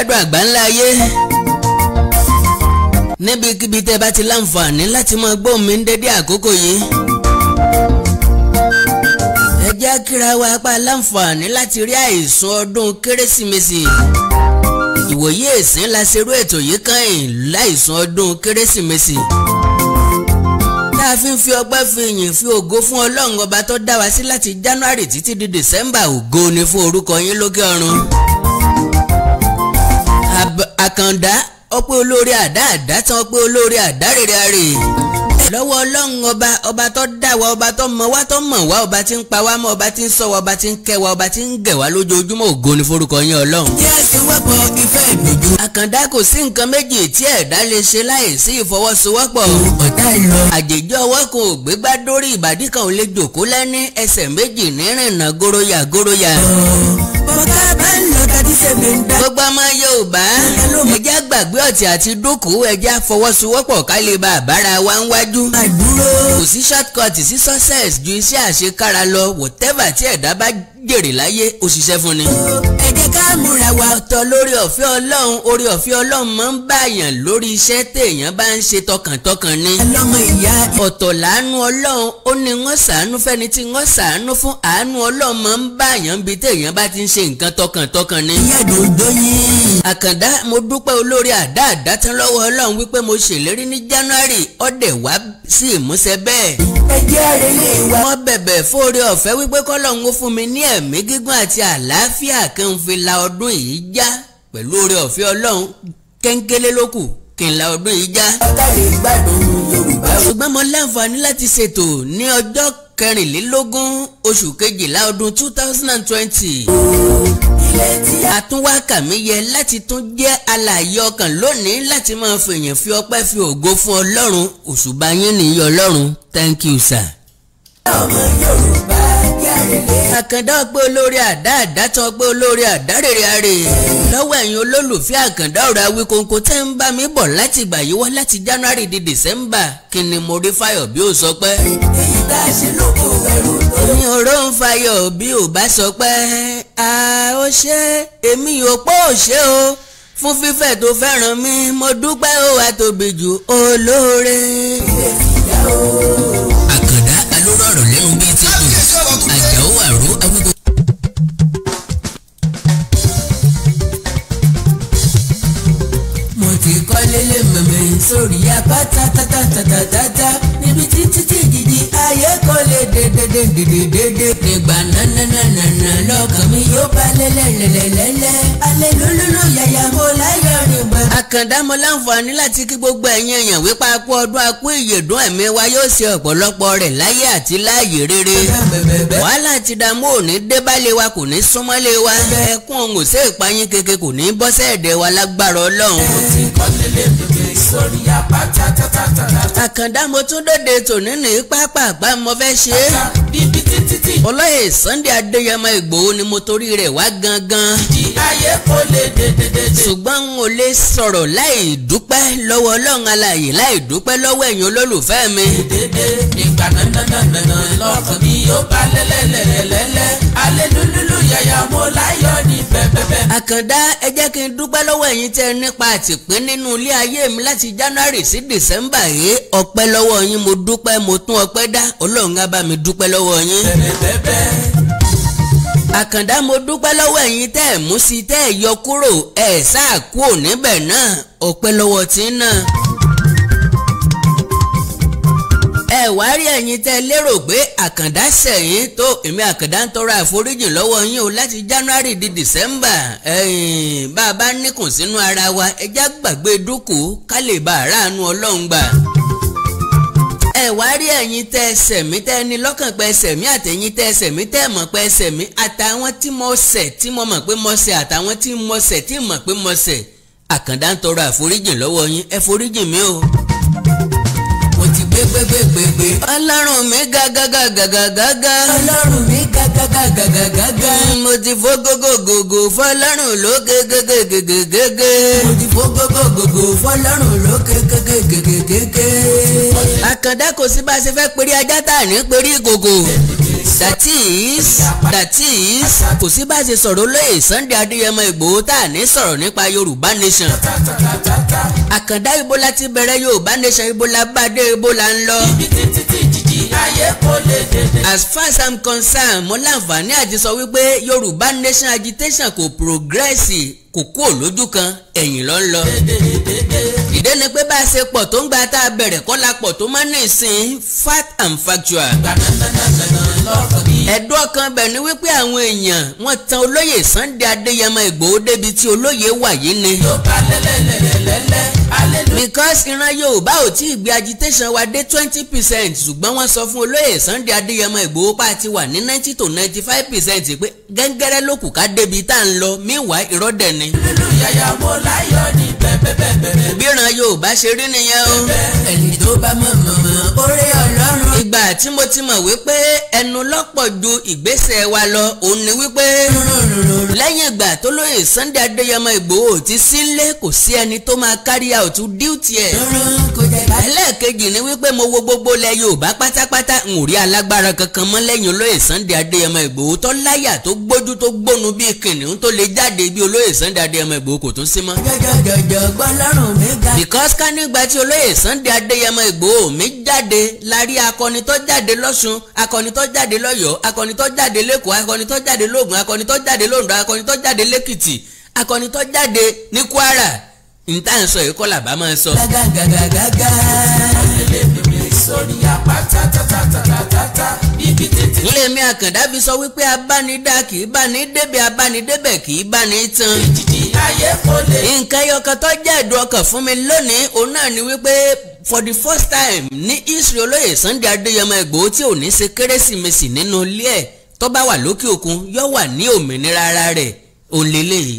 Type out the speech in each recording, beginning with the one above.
ìgbádùn àgbà ńlá ayé níbikíbi tẹ́ bá ti láǹfààní láti máa gbọ́ mi ń dédé àkókò yìí ẹ jẹ́ kíra wa pa láǹfààní láti rí àìsùn ọdún kérésìmesì ìwòye ìsìn la ṣerú ètò yìí kan ẹ̀ láìsùn ọdún kérésìmesì tá fi ń fi ọgbẹ́ fi ìyìn fi ògo fún ọlọ́run ọba tó dá wa sí láti january títí di december ògo ni fún orúkọ yín lókè ọ̀run àkàndá ọpẹ́ olóore àdá àdá tán ọpẹ́ olóore àdá rere àrè lọ́wọ́ ọlọ́run ọba ọba tó dá wa ọba tó mọ wá tó mọ̀ wá ọba tí ń pa wá mọ́ ọba tí ń sọ wa ọba tí ń kẹ́ wa ọba tí ń gẹ̀ wá lójoojúmọ́ ògo ni forúkọ yín ọlọ́run. jésù wẹ́pọ̀ ìfẹ́ ìdójú. àkàndá kò sí nǹkan méjì tí ẹ̀dá lè ṣe láìsí ìfọwọ́sowọ́pọ̀. ọ̀tá ìlọ. àjèjì ọwọ́ gbogbo ọmọ Yorùbá ẹjẹ́ àgbàgbé ọ̀tí àti dúkùú ẹjẹ́ àfọwọ́sowọ́pọ̀ ká lè bá àbára wa ń wájú. kò sí shortcut sí success ju iṣẹ́ àṣekára lọ whatever tí ẹ̀dá bá jèrè láyé òṣìṣẹ́ fún ni. Oh ẹ̀dá wa ọ̀tọ̀ lórí ọ̀fẹ́ ọlọ́run orí ọ̀fẹ́ ọlọ́run máa ń báyàn lórí iṣẹ́ téèyàn bá ń ṣe tọkàntọkàn ni. ọlọ́mọ ìyá ọ̀tọ̀ láàánú ọlọ́run ó ní wọ́n ṣàánú fẹ́ni tí wọ́n ṣàánú fún àánú ọlọ́run máa ń báyàn bí téèyàn bá ti ń ṣe nǹkan tọkàntọkàn ni. ìyá àdúgbò yín. àkàndá mo dúpẹ́ olórí àdá àdátán lọ́wọ́ ọlọ́run wípé mo ṣèlérí ní January ọ̀dẹ̀ wá sí ìmúṣẹ bẹ́ẹ̀. ẹ jẹ́ àrẹ́lẹ̀ wa. wọ́n bẹ̀bẹ̀ fóore ọ̀fẹ́ wípé kọ́lọ́run ó fún mi ní ẹ̀mí gígùn àti àlàáfíà kan fi la ọdún yìí já pẹ̀lú oore ọ̀fẹ́ ọlọ́run kẹ́ńkẹ́lé ló kù kí n la ọdún yìí já. ṣùgbọ́n mo láǹfààní láti ṣètò ní ọjọ́ kẹrìnlélógún oṣù kejìlá ọdún two thousand and twenty àtúnwákà mi yẹ láti tún jẹ́ alààyè ọkàn lónìí láti máa fèèyàn fi ọpẹ́ fi ògo fún ọlọ́run òṣùbà yín nìyí ọlọ́run thank you sir. ọmọ yorùbá àkàndá ọgbẹ́ olórí àdá àdátàn ọgbẹ́ olórí àdárèrè àrè lọ́wọ́ ẹ̀yin olólùfẹ́ àkàndá ọ̀rọ̀ Awíkonko tẹ́ ń bá mi bọ̀ láti ìgbà yìí wá láti January di December kí ni mo rí fáyọ̀ bí ó sọ pé. èyí tá a ṣe ló kó ẹrù tó. mi ò ró ń fáyọ̀ bí ò bá sọ pé a ó ṣe èmi ò pọ́ ò ṣe o fún fífẹ́ tó fẹ́ràn mi mo dúpẹ́ ó wà tóbi jù olóore. àkàndá alóró ọ̀rọ̀ lẹ́nu b sórí apá tatatatata níbi títí tí ìjì ayé kò lè dédédédédédé nígbà nánánánánà lọ́kàn mi yóò bá lẹ́lẹ́lẹ́lẹ́lẹ́ alẹ́ lólóló yàyà mo láyọ̀ nígbà. àkàndá mo láǹfààní láti kí gbogbo ẹ̀yin èèyàn wípé akú ọdún akú ìyèdún ẹ̀mí wa yóò ṣe ọ̀pọ̀lọpọ̀ rẹ̀ láyé àti láàyè rere wàhálà ti dààmú òní débálé wa kò ní súnmọ́lé wa ẹkún òun ò sí ìpayín keke kò ní bọ́sẹ̀ ẹ̀dẹ̀ wa lágbára ọlọ́run. mo ti kọ́ lélẹ́ mi kiri sórí apá tatatatata. àkàndá mo tún dóde tòní ní pápá pàgbà mo fẹ́ ṣe é ọlọ́yẹ̀ Sunday Adéyẹmọ Ìgbòho ni mo torí rẹ̀ wá gangan. di ayé kò lè dédédédé. ṣùgbọ́n n ò lè sọ̀rọ̀ láì dúpẹ́ lọ́wọ́ Ọlọ́run alààyè láì dúpẹ́ lọ́wọ́ ẹ̀yin olólùfẹ́ mi. dédé ìgbà nànànànà lọ́kàn mi yóò bá lẹ́lẹ́lẹ́lẹ́lẹ́ alẹ́ lúlúlú yàyà mo láyọ̀ ní bẹ́ẹ̀bẹ́ẹ̀. àkàndá ẹ jẹ́ kí n dúpẹ́ lọ́wọ́ ẹ̀yin tẹ́ nípa àtìpín nínú ilé ayé mi láti January sí December yìí ọpẹ́ lọ́wọ́ yín mo dúpẹ́ mo tún ọpẹ́ dá Ọlọ́run á bá mi dúpẹ́ lọ́wọ́ yín ṣẹlẹ̀ bẹ́ẹ̀. àkàndá mo dúpẹ́ lọ́wọ́ ẹ̀yin tẹ́ ẹ̀ mú sí tẹ́ ẹ̀ yọ kúrò ẹ̀ sáà kúrò níbẹ̀ náà ọpẹ́ lọ́wọ́ tí ń náà. ẹ wá rí ẹ̀yin tẹ́ lérò pé àkàndá sẹ̀yìn tó èmi àkàndá ń tọrọ àforíjìn lọ́wọ́ yín o láti january di december ẹ̀yìn bá a bá níkùn sínú ara wa ẹ já gbàgbé dúkùú ká lè bá àrà àánú ọlọ́run gbà ẹ wá rí ẹ̀yin tẹ́ ẹsẹ̀ mi tẹ́ ẹni lọ́kàn pé ẹsẹ̀ mi àtẹ̀yin tẹ́ ẹsẹ̀ mi tẹ́ mọ̀ pé ẹsẹ̀ mi àtàwọn tí mo ṣẹ̀ tí mo mọ̀ pé mo ṣẹ̀ àtàwọn tí mo ṣẹ̀ tí mo mọ̀ pé mo ṣẹ̀ àkàndá ń tọrọ àforíjìn lọ́wọ́ yín ẹ foríjìn mi o gbégbégbégbégbé. ọlọ́run mi gàgàgàgàgàgà. ọlọ́run mi gàgàgàgàgàgà. mo ti fò gógógógó fọlọ́run lókè gégégégégé. mo ti fò gógógógó fọlọ́run lókè gégégégégé. àkàndá kò sí bá a ṣe fẹ́ pèrè ajá tà ní pèrè ìkòkò that is that is kò sí bá a ṣe sọ̀rọ̀ olóyè Sunday Adéyẹmọ Ìgbòho tá a ní sọ̀rọ̀ nípa Yorùbá nation àkàndá ibo ti bẹ̀rẹ̀ Yorùbá nation ibo la bá dé ń lọ. as far as i'm concerned mo láǹfààní àti sọ wípé Yorùbá nation agitation kò progressi kò kúrò lójú kan ẹ̀yìn ló ń lọ. ìdí ni pé bá a ṣe pọ̀ tó ń gba tá a bẹ̀rẹ̀ kọ́ la pọ̀ tó máa ń nìsín fat and factual ẹ̀dùn ọkàn bẹ̀ ni wípé àwọn èèyàn wọ́n tan olóyè Sunday Adéyẹmọ Ìgbòho débi tí olóyè wà yìí ni. because ìran yorùbá ò tí ì gbé agitation wa dé twenty percent ṣùgbọ́n wọ́n sọ fún olóyè Sunday Adéyẹmọ Ìgbòho pa ti wà ní ninety to ninety five percent pé gẹ́ngẹ́rẹ́ ló kù ká débi tá à ń lọ meanwhile ìrọ́dẹ̀ ni. ni bíran yorùbá ṣe rí nìyẹn o. ẹni tó bá mọ̀ mọ̀ orí ọlọ́run. ìgbà tí mo ti mọ̀ wípé ẹnu lọ́pọ̀ ju ìgbésẹ̀ wa lọ òun ni wípé. lẹ́yìn ìgbà tó lóye Sunday Adéyẹmọ Ìgbòho ti sílé kò sí ẹni tó máa carry out duty ẹ̀. ẹlẹ́ẹ̀kejì ni wípé mo wo gbogbo lẹ yorùbá pátápátá n ò rí alágbára kankan mọ́ lẹ́yìn olóye Sunday Adéyẹmọ Ìgbòho tó láyà tó gbójú tó gbónu bíi kìnìún tó lè jáde bí olóye Sunday Adéyẹmọ Ìgbòho kò tún sí mọ́. jọjọjọjọ ọ̀jọ̀gbọ́n lọ́rùn mi ga. because ká nígbà tí olóyè Sunday Adéyẹmọ Ìgbòho mi jáde la rí akọni tó jáde lọ́sùn akọni tó jáde lọ́yọ̀ọ́ akọni tó jáde lẹ́kọ̀ọ́ akọni tó jáde lóògùn akọni tó jáde lóńdó akọni tó jáde lẹ́kìtì akọni tó jáde ní Kwara nta ń sọ èkó làbá máa ń sọ. gàgàgàgàgà sórí àpáta tatatatata ibi tètè. lèmi àkàndá fi sọ wípé abánidá kì í báni débẹ̀ abánidébẹ̀ kì í báni tán. ìjìjì ayé kò lè. nǹkan ẹyọkan jẹ́ ẹ̀dùn ọkàn fún mi lónìí òun náà ni wípé for the first time ní Israel, olóyè Sunday Adéyẹmọ Ìgbòho tí ò ní ṣe kérésìmesì nínú ilé ẹ̀ tó bá wà lókè òkun yóò wà ní òmìnira ara rẹ̀ òǹlélẹ̀ yìí.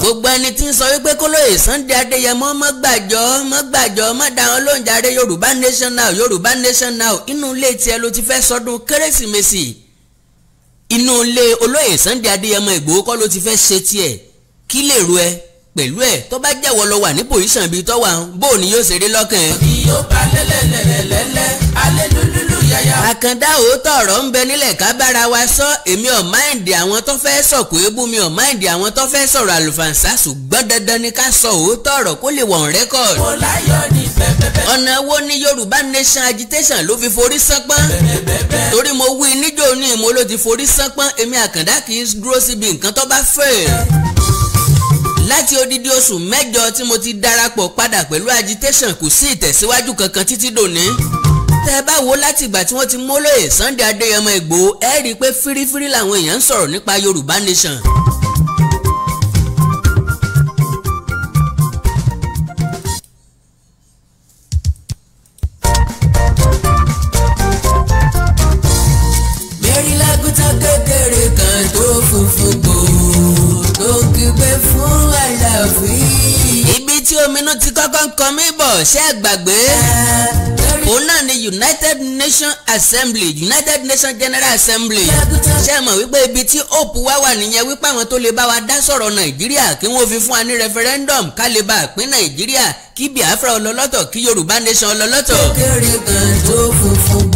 gbogbo ẹni tí ń sọ wípé kólóyè Sunday Adéyẹmọ mọ́ gbàjọ́ mọ́ gbàjọ́ mọ́ da wọn lóúnjàre Yorùbá Nation Now Yorùbá Nation Now inú ilé tiẹ̀ ló ti fẹ́ sọdún kérésìmesì inú ilé olóyè Sunday Adéyẹmọ Ìgbòho kọ́ ló ti fẹ́ ṣe tiẹ̀ kí lè ru ẹ pẹ̀lú ẹ̀ tó bá jẹ́wọ́ lọ wà ní pòsíṣàn ibi tó wà bó ni yóò ṣe rí lọ́kàn ẹ̀. òbí yóò bá lẹ́lẹ́lẹ́lẹ́lẹ́ alẹ́ lúlúlú yàyà. àkàndá òótọ́ ọ̀rọ̀ ń bẹ nílẹ̀ ká bára wa sọ èmi ọ̀ máìndì àwọn tó fẹ́ sọ̀kò ébú mi ọ̀ máìndì àwọn tó fẹ́ sọ̀rọ̀ àlùfànṣá ṣùgbọ́n dandan ni ká sọ òótọ́ ọ̀rọ̀ kó lè wọ̀n rẹ́kọ̀d. ọ̀nà wo ni Yorùbá Nation agitation ló fi forí sánpọ́n. torí mo wí níjó ní ìmọ̀ ló ti forí sánpọ́n èmi àkàndá kì í dúró síbi nǹkan tó bá fẹ́ẹ̀ láti odidi oṣù mẹ́jọ tí mo ti darapọ̀ padà pẹ̀lú agitation kò sí ìtẹ̀síwájú kankan títí dòní tẹ́ ẹ bá wo láti ìgbà tí wọ́n ti mólóyè Sunday Adéyẹmọ Ìgbòho ẹ rí i pé fírífírí làwọn èèyàn ń sọ̀rọ̀ nípa Yorùbá Nation funfun gbòò dùgbẹ́ fún àlàfí. ibi tí ominú ti kọ́kọ́ ń kan mí bọ̀ ṣé ẹ gbàgbé. Ah. òun náà ni United Nations Assembly United Nations General Assembly ṣé ẹ mọ̀ wípé ibi tí hope wá wà nìyẹn wípé àwọn tó lè bá wa dá sọ̀rọ̀ Nàìjíríà kí wọ́n fi fún wa ní referendum ká lè bá pín Nàìjíríà kí Biafra ọlọ́lọ́tọ̀ kí Yorùbá nation ọlọ́lọ́tọ̀. kékeré kan tó funfun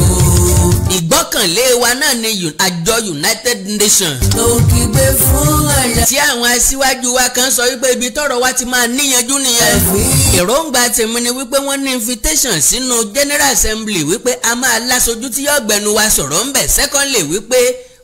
gbọ́kànlé wa náà ni àjọ United Nations. tó kígbe fún àyà. tí àwọn aṣíwájú wa kan sọ wípé ibi tọ́rọ̀ wa ti máa níyanjú nìyẹn. èròǹgbà tèmi ni wípé wọ́n ní invitation sínú General Assembly wípé a máa lásojú tí yóò gbẹnu wa sọ̀rọ̀ ńbẹ̀ secondly wípé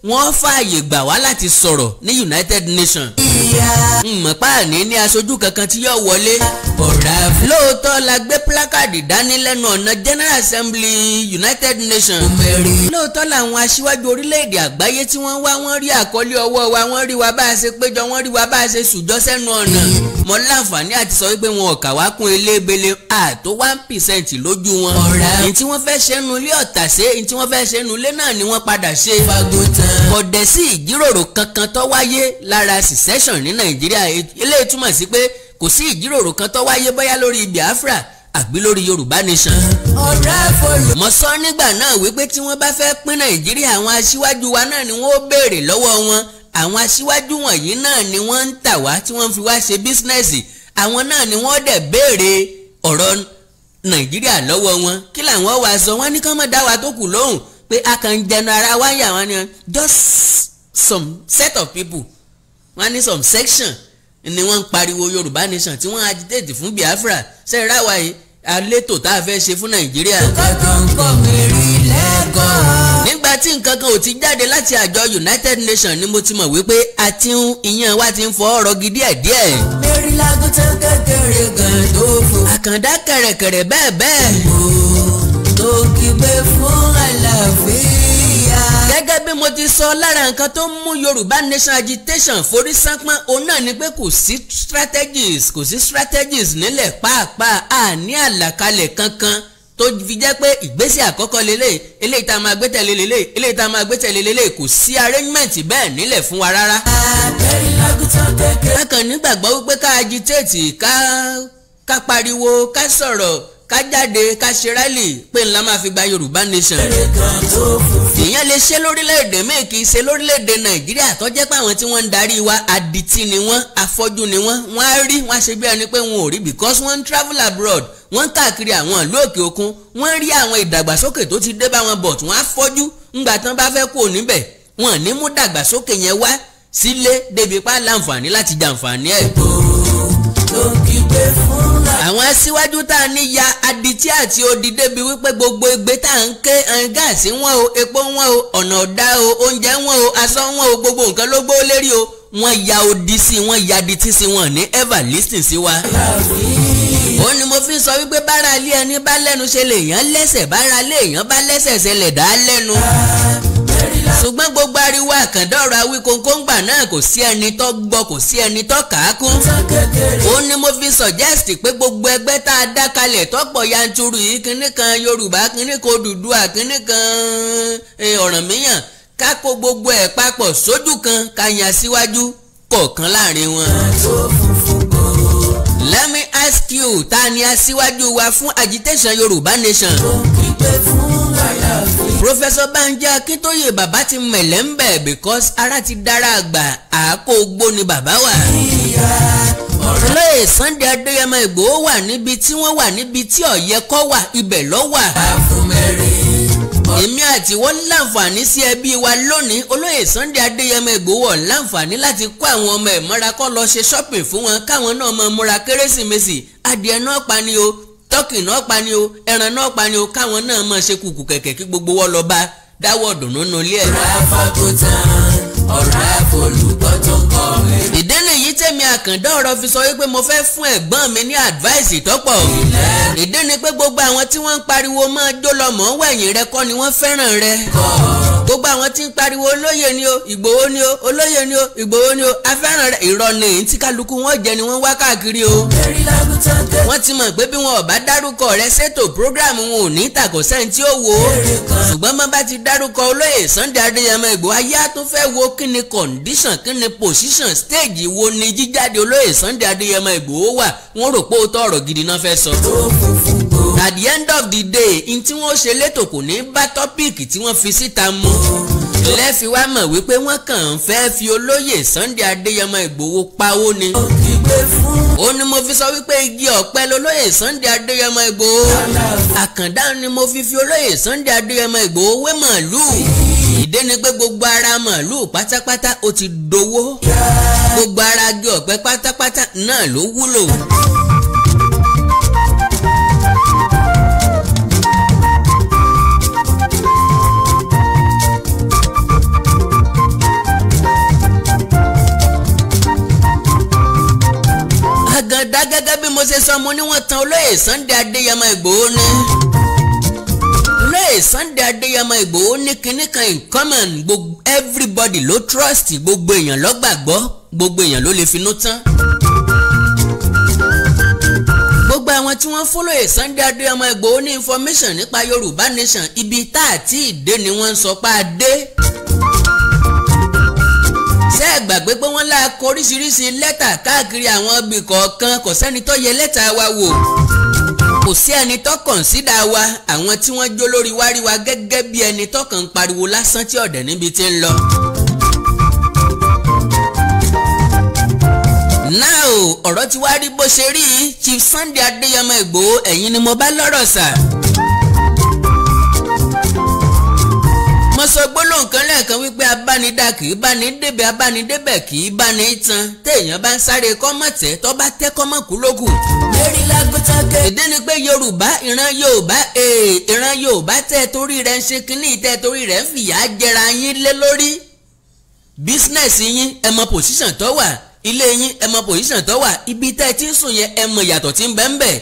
wọ́n fààyè gbà wá láti sọ̀rọ̀ ní United Nations kíá. mọ̀ páàní ní aṣojú kankan tí yóò wọlé. ọ̀rá fún. lóòótọ́ la gbé pílákàdì dání lẹ́nu ọ̀nà General Assembly United Nations. omeri. lóòótọ́ làwọn aṣíwájú orílẹ̀-èdè àgbáyé tí wọ́n wá wọ́n rí àkọlé ọwọ́ wa wọ́n rí wa bá a ṣe péjọ wọ́n rí wa bá a ṣe sùjọ́ sẹ́nu ọ̀nà. mo láǹfààní àti sọ wípé wọn ò kà wá kún elébele àtó one percent lójú wọn. ọ̀rá. ní tí wọ́n fẹ́ ṣe nu ilé ọ̀tà ṣe ní tí wọ́n fẹ́ ṣe nu ilé náà ni wọ́n padà ṣe. fagotan. kọ̀dẹ̀ sí ìjíròrò kankan tó wáyé lára secession election ní nàìjíríà eléyìí túmọ̀ sí pé kò sí ìjíròrò kan tó wáyé bóyá lórí biafra àbí lórí yorùbá nation. ọ̀rẹ́ fọlọ́. mo sọ nígbà náà wípé tí wọ́n bá fẹ́ pín nàìjíríà àwọn aṣíwájú wa náà ni wọ́n béèrè lọ́wọ́ wọn àwọn aṣíwájú wọ̀nyí náà ni wọ́n ń tà wá tí wọ́n fi wá ṣe bísínẹ́sì àwọn náà ni wọ́n dẹ̀ béèrè ọ̀rọ̀ nàìjíríà lọ́wọ́ wọn kí làwọn wá sọ wọ́n ní kán mọ̀ dá wa tó kù lóhùn pé a kàn jẹnu ara wáyà wọn ni just some set of people wọ́n ní some section ni wọ́n ń pariwo yorùbá nation tí wọ́n agitate fún biafra ṣe ráwa yìí alétò tá a fẹ́ ṣe fún nàìjíríà. nǹkan tó ń kọ́ mi rí lẹ́kọ̀ọ́. nígbà tí nǹkan kan ò ti jáde láti àjọ united nations ni mo ti mọ̀ wípé a ti ń ìyẹn wa ti ń fọ ọ̀rọ̀ gi díẹ̀díẹ̀. mary lagutan kékeré gan tó fò. àkàndá kẹ̀rẹ̀kẹ̀rẹ̀ bẹ́ẹ̀ bẹ́ẹ̀. ìbò tó kígbe fún àlàáfíà gẹ́gẹ́ bí mo ti sọ lára nǹkan tó ń mú Yorùbá Nation agitation forí sánpọ́n òun náà ni pé kò sí strategies kò sí strategies nílẹ̀ pàápàá àní àlàkalẹ̀ kankan tó fi jẹ́ pé ìgbésẹ̀ àkọ́kọ́ lélẹ̀ eléyìí tá a máa gbé tẹ̀lé lélẹ̀ eléyìí tá a máa gbé tẹ̀lé lélẹ̀ kò sí arrangement bẹ́ẹ̀ nílẹ̀ fún wa rárá. àbẹ̀rẹ̀ lágùntàn kékeré. bákan nígbàgbọ́ wípé ká agitate ká ká pariwo ká sọ̀rọ̀ ká jáde ká ṣe rálì pé ńlá máa fi gba yorùbá nation. ìyẹn lè ṣe lórílẹ̀‐èdè míì kì í ṣe lórílẹ̀‐èdè nàìjíríà tó jẹ́ pé àwọn tí wọ́n ń darí wa àdìtì ni wọ́n afọ́jú ni wọ́n wọ́n á rí wọ́n á ṣe bí ẹni pé wọn ò rí because wọ́n ń travel abroad wọ́n ń káàkiri àwọn ìlú òkè òkun wọ́n rí àwọn ìdàgbàsókè tó ti dé bá wọn but wọ́n á fọ́jú ńgbà tán bá fẹ́ kó níbẹ̀ wọ́n ní mú dàgbàsókè yẹn wá sílé débi pa láǹfààní láti jàǹfààní ẹ̀. ìbò ló ń kígbe fún àwọn aṣíwájú tá a ní ya adití àti odi débi wípé gbogbo egbe tá à ń ké gáàsì wọn o epo wọn o ọ̀nà ọ̀dá o oúnjẹ wọn o aṣọ wọn o gbogbo nǹkan ló gbó lérí o wọ́n ya odi sí i wọ́n ya adití sí i wọ́n ní ever listen sí wa. ó ní mo fi sọ wípé bára ilé ẹni bá lẹ́nu ṣe lè yàn lẹ́sẹ̀ bára ilé èèyàn bá lẹ́sẹ̀ ṣe lè dá lẹ́nu ṣùgbọ́n gbogbo ariwo àkàndọ́rọ̀ Awíkonko náà kò sí ẹni tó gbọ́ kò sí ẹni tó kà ó ní mo fi suggest pé gbogbo ẹgbẹ́ tá a dá kalẹ̀ tọ́pọ̀ yanturu yìí kínní kan Yorùbá kínní kan Odùduwà kínní kan eh, Ọ̀rànmíyàn ká kó gbogbo ẹ̀ papọ̀ sójú kan ká yan síwájú kọ̀ọ̀kan láàrin wọn. let me ask you ta ni aṣíwájú wa fún agitation Yorùbá nation. ó kí pé fún àyà Professor Bánjí Akíntóyè bàbá ti mẹ̀lẹ́ ń bẹ̀ because ara ti dára àgbà àákó gbó ni bàbá wà. olóyè Sunday Adéyẹmọ Ìgbòho wà níbi tí wọ́n wà níbi tí ọ̀yẹ́kọ́ wà ibẹ̀ lọ́ wà. èmi àti wọ́n láǹfààní sí ẹbí wa lónìí olóyè Sunday Adéyẹmọ Ìgbòho láǹfààní láti kó àwọn ọmọ ẹ̀ mọ́ra kó lọ ṣe shopping fún wọn káwọn náà mọ múra kérésìmesì adìẹ náà pa ni o tọ́kì náà pa ni o ẹran náà pa ni o káwọn náà máa ṣe kùkù kẹ̀kẹ́ kí gbogbo wọn lọ bá dáwọ́ dùnú nu ilé ẹ̀. ọ̀rá fagotan ọ̀rá folùkọ́ tó ń kọ́ ẹ̀. ìdí nìyí tèmi àkàndá ọ̀rọ̀ fi sọ wípé mo fẹ́ fún ẹ̀gbọ́n mi ní advice tọ́pọ̀. ìdí ni pé gbogbo àwọn tí wọ́n ń pariwo máa jó lọ mọ́ wẹ̀yìn rẹ kọ́ ni wọ́n fẹ́ràn rẹ. kọ́ ọ gbogbo àwọn tí ń pariwo olóyè ni o ìgbòho ni o olóyè ni o ìgbòho ni o afẹ́ràn rẹ̀ ìrọ̀lẹ́ èyí tí wọn jẹ ni wọ́n wá káàkiri o. wọ́n ti mọ̀ pé bí wọn ò bá dárúkọ rẹ ṣètò prógráàmù wọn ò ní tàkò sẹ́yìn tí ó wò ṣùgbọ́n mo bá ti dárúkọ olóyè Sunday Adéyẹmọ Ìgbòho ayé àtún fẹ́ wo kí ni condition kí ni position stage wo ni jíjáde olóyè Sunday Adéyẹmọ Ìgbòho wà wọ́n rò pé ó tọ̀rọ̀ gidi náà fẹ́ sọ. tó funfun at the end of the day n tí wọ́n ṣe létò kò ní bá tọ́píìkì tí wọ́n fi síta mu lẹ́fi wá mọ̀ wípé wọ́n kàn ń fẹ́ fi olóyè Sunday Adéyẹmọ Ìgbòho pawó ni ó ní mo fi sọ wípé igi ọ̀pẹ lolóyè Sunday Adéyẹmọ Ìgbòho àkàndá ni mo fi fi olóyè Sunday Adéyẹmọ Ìgbòho wé màálù ìdí ni pé gbogbo ara màálù pátápátá ó ti dowó gbogbo ara igi ọ̀pẹ pátápátá náà ló wúlò. dá gẹ́gẹ́ bí mo ṣe sọ mo ní wọ́n tan olóyè Sunday Adéyẹmọ Ìgbòho ní. olóyè Sunday Adéyẹmọ Ìgbòho ní kinní kan in common gbogbo everybody ló trust gbogbo èèyàn ló gbàgbọ́ gbogbo èèyàn ló lè finú tán. gbogbo àwọn tí wọ́n fólóyè Sunday Adéyẹmọ Ìgbòho ní information nípa Yorùbá nation ibi tá àti ìdè ni wọ́n ń sọ pé a dé gbàgbé pé wọ́n lá kọ oríṣiríṣi lẹ́tà káàkiri àwọn ibì kọ̀ọ̀kan kò sẹ́ni tó yẹ lẹ́tà wa wò kò sí ẹni tó kọ̀ǹsídà wa àwọn tí wọ́n jó lórí wárí wa gẹ́gẹ́ bí ẹni tó kàn ń pariwo lásán tí ọ̀dẹ̀ níbi tí ń lọ. náà ọ̀rọ̀ ti wá rí bó ṣe rí Chief Sunday Adéyẹmọ Ìgbòho ẹ̀yin ni mo bá lọ́rọ̀ sà. sọ gbólóhùn kan lẹ́ẹ̀kan wípé abánidá kì í báni débẹ̀ abánidébẹ̀ kì í báni tan téèyàn bá ń sáré kọ́mọ̀tẹ́ tó bá tẹ́ kọ́mọ̀kú lókù. lérí lágbótákẹ́. ìdí ni pé yorùbá ìran yorùbá ee ìran yorùbá tẹ́ torí rẹ̀ ń ṣe kínní tẹ́ torí rẹ̀ ń fìyà jẹra yín lé lórí. bísínẹ́sì yín ẹ mọ pòsíṣàn tó wà ilé yín ẹ mọ pòsíṣàn tó wà ibi tẹ́ ti ń sùn yẹn ẹ mọ ìyàtọ̀ tí ń bẹ ń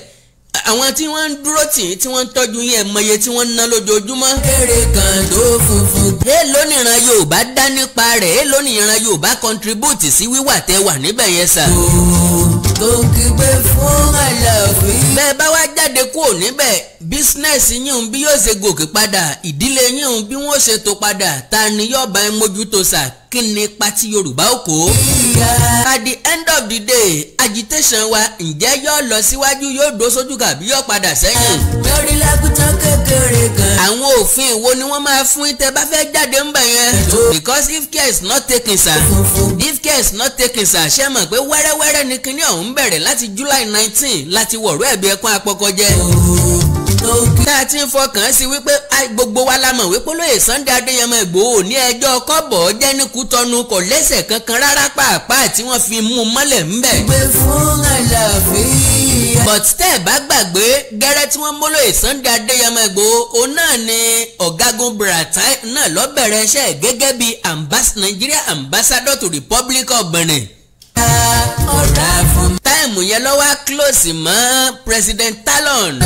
àwọn tí wọ́n ń dúró tì í tí wọ́n ń tọ́jú yín ẹ̀mọye tí wọ́n ń ná lójoojúmọ́. kéré kan tó funfun. èèló nìran Yorùbá dá nípa rẹ̀ èèló nìran Yorùbá contribute sí wíwà tẹ́ wà níbẹ̀ yẹn sà. ooo tó ń kígbe fún àlàáfíà. bẹ́ẹ̀ bá wá jáde kúrò níbẹ̀ bísínẹ́sì yín bí yóò ṣe gòkè padà ìdílé yín bí wọ́n ṣe tó padà ta ni yóò bá ẹ mójútó sà kí ni pati yorùbá òkò. at the end of the day agitation wa ǹjẹ́ yóò lọ síwájú yóò dó sójú kàbí yóò padà sẹ́yìn. lórí lágùntàn kékeré kan. àwọn òfin wo ni wọ́n máa fún tẹ bá fẹ́ jáde ń bẹ̀ yẹn. because if care is not taken sir if care is not taken sir ṣe mọ̀ pé wẹ́rẹ́wẹ́rẹ́ ni kinní ọ̀hún ọ̀hún bẹ̀rẹ̀ láti July nineteen láti wọ̀rọ̀ ẹ̀bí ẹ̀kún apọkọjẹ́. tá a ti ń fọkàn sí wípé gbogbo wa la mọ̀ wípé olóyè Sunday Adéyẹmọ Ìgbòho ní ẹjọ́ kọ́bọ̀ jẹ́nìkú tọnu kò lẹ́sẹ̀ kankan rárá pàápàá tí wọ́n fi mú un mọ́lẹ̀ ńbẹ̀. gbé fún àlàáfíà. but tẹ́ ẹ̀ bá gbàgbé gẹ́rẹ́ tí wọ́n mú olóyè Sunday Adéyẹmọ Ìgbòho òun náà ni ọ̀gágun Buratai náà ló bẹ̀rẹ̀ iṣẹ́ gẹ́gẹ́ bíi Nigeria ambassador to Republic of Benin táìmù yẹn ló wá close mọ́ president Talon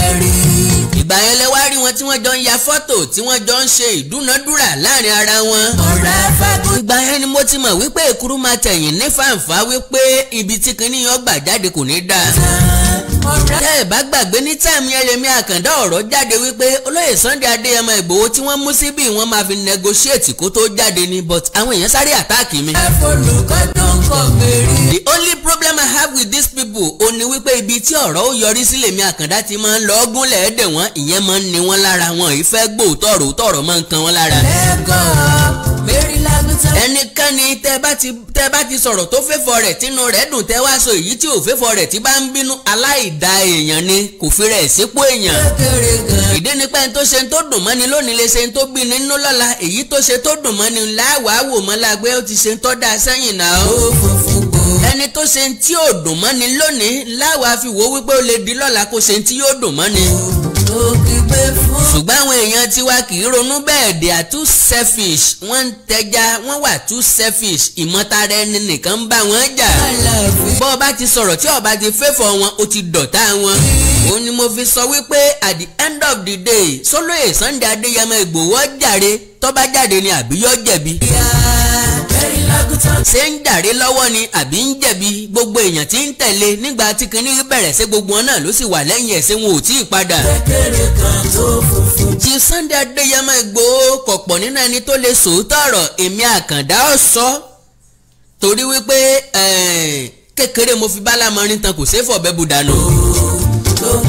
ìgbà yẹn lẹ wá rí wọn tí wọ́n jọ ń ya fọ́tò tí wọ́n jọ ń ṣe ìdúnadúrà láàrin ara wọn. ìgbà yẹn ni mo ti mọ̀ wípé èkúrú máa tẹ̀yìn ní fàǹfà wípé ibi tí kinní yẹn jáde kò ní dáa tẹ́ ẹ̀ bá gbàgbé ní táìmù yẹn Àkàndá ọ̀rọ̀ jáde wípé olóyè Sunday Adéyẹmọ Ìgbòho tí wọ́n mú síbí wọ́n máa fi negotiate kó tó jáde ni but àwọn èèyàn sáré àtáàkì mi. ẹ folùkọ́ tó ń kọ̀ mẹ́rin. the only problem I have with these people ò ní wípé ibi tí ọ̀rọ̀ ó yọrí sí lèmi Àkàndá ti máa ń lọ gúnlẹ̀ ẹ̀dẹ̀ wọn ìyẹn máa ń ni wọn lára wọn ìfẹ́ gbòòtọ̀rọ̀ máa ń kan wọn lára. lẹ́kọ̀ọ́ mẹ́rin ẹnikẹ́ni tẹ́ bá ti tẹ́ ti sọ̀rọ̀ tó fẹ́fọ́ rẹ̀ tínú rẹ̀ dùn tẹ́ wá sọ èyí tí ò fẹ́fọ́ rẹ̀ tí bá ń bínú aláìda èèyàn ni kò fi rẹ̀ sípò èèyàn. ìdí ni pé ẹni tó ṣe ń tó dùn mọ́ni lónìí lè ṣe ń tó bí nínú lọ́la èyí tó ṣe tó dùn mọ́ni láwàá wò ó ti ṣe ń tọ́ da sẹ́yìn náà. ẹni tó ṣe ń tí ò dùn mọ́ni lónìí láwàá fi wò wípé ó lè di lọ́la ṣùgbọ́n àwọn èèyàn tiwa kì í ronú bẹ́ẹ̀ they are too selfish wọ́n ń tẹja wọ́n wà too selfish ìmọ̀tara ẹni nìkan ń bá wọn jà bọ́ ọba ti sọ̀rọ̀ tí ọba ti fẹ́fọ̀ wọn ó ti dọ̀tá wọn òun ni mo fi sọ wípé at the end of the day Sólóyè Sunday Adéyẹmọ Ìgbòho jàre tó bá jáde ni àbí yọ jẹ̀bi. Yeah ṣé ń jàre lọ́wọ́ ni àbí ń jẹ̀bi gbogbo èèyàn tí ń tẹ̀lé nígbà tí kinní bẹ̀rẹ̀ ṣé gbogbo wọn náà ló sì wà lẹ́yìn ẹ̀ wọn ò tí ì padà. kékeré kan tó funfun. ti Sunday Adéyẹmọ Ìgbòho kọ̀pọ̀ nínú ẹni tó lè sòótọ́ ọ̀rọ̀ èmi Àkàndá ọ̀sọ́ torí wípé kékeré mo fi bá lámọrin tan kò ṣeé fọ̀bẹ́ bu dànù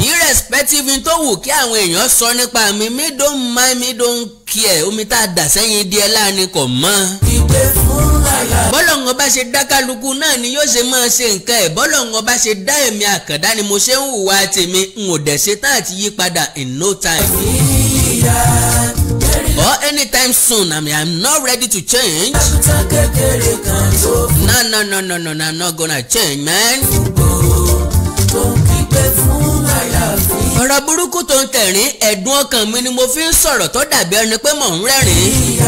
irrespective tó wù kí àwọn èèyàn sọ nípa mi mi don mind mi don care omi tá a dà sẹ́yìn díẹ̀ láàrin kò mọ́. ìpè fún àyà. bọ́lọ̀ngàn bá ṣe dá kálukú náà ni yóò ṣe máa ṣe nǹkan ẹ̀ bọ́lọ̀ngàn bá ṣe dá èmi àkàndá ni mo ṣe ń hùwà tèmi n ò dẹ̀ ṣe tán àti yí in no time. ìyá or anytime soon i mean i'm not ready to change. àkútà no no no no no i'm not gonna change man. ọ̀rọ̀ burúkú tó ń tẹ̀rín ẹ̀dùn ọkàn mi ni mo fi ń sọ̀rọ̀ tó dàbí ẹni pé mò ń rẹ́rìn-ín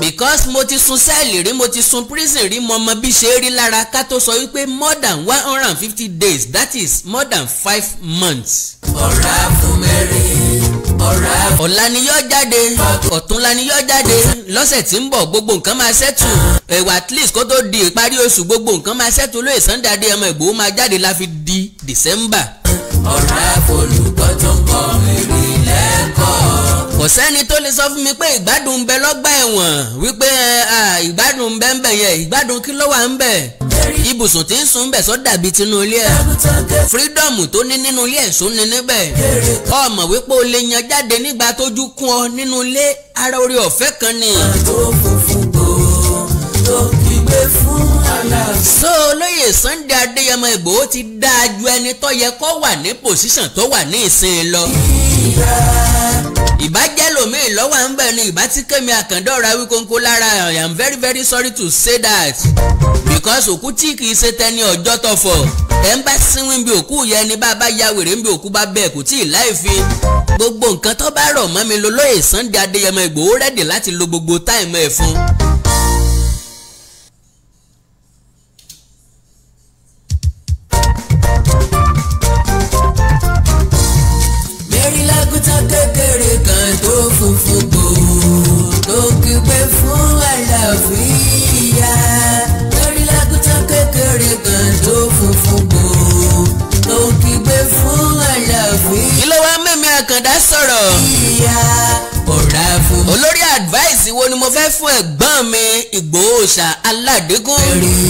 because mo ti sun sẹ́ẹ̀lì rí mo ti sun prison rí mo mọ bí ṣe rí lára ká tó sọ wípé more than one hundred and fifty days that is more than five months. ọ̀rá fún mẹ́rin ọ̀rá. ọ̀la ni yóò jáde ọ̀túnla ni yóò jáde lọ́sẹ̀ tí ń bọ̀ gbogbo nǹkan máa ṣẹ́tù ẹ̀wà at least kó tó di ìparí oṣù gbogbo nǹkan máa ṣẹ́tù lóye Sunday adé ọmọ Ìgbòho máa jáde la fi di December ọ̀rẹ́ olùkọ́ tó ń kọ́ èmi lẹ́kọ̀ọ́. kò sẹ́ni tó lè sọ fún mi pé ìgbádùn ń bẹ lọ́gbà ẹ̀wọ̀n wípé ìgbádùn ń bẹ ń bẹ yẹn ìgbádùn kí ló wà ń bẹ ibùsùn tí ń sùn bẹ̀ sọ dàbí tinú ilé ẹ̀ fírídọ̀mù tó ní nínú ilé ẹ̀ ni níbẹ̀ ọmọ wípé o lè yan jáde nígbà tójú kún ọ nínú ilé ara orí ọ̀fẹ́ kan ni. so olóyè Sunday Adéyẹmọ Ìgbòho ti dáa ju ẹni tó yẹ kó wà ní pòsíṣàn tó wà ní ìsìn lọ. ìbá jẹ́ lòmíì lọ́wọ́ à ń bẹ̀ ni ìbá tí Kẹ́mi Àkàndé ọ̀rọ̀ lára I am very very sorry to say that because òkú tí kì ṣe tẹni ọjọ́ tọ̀fọ̀ ẹ̀ ń bá sínwín bí òkú yẹn ni bá a bá ya wèrè ń bí òkú bá bẹ́ẹ̀ kò tí ì láì fi gbogbo nǹkan tó bá rọ̀ mọ́ mi lolóyè Sunday Adéyẹmọ Ìgbòho rẹ́dì láti lo gbogbo táìmù ẹ̀ fún fún ẹ̀gbọ́n mi ìgbòhòsà aládékún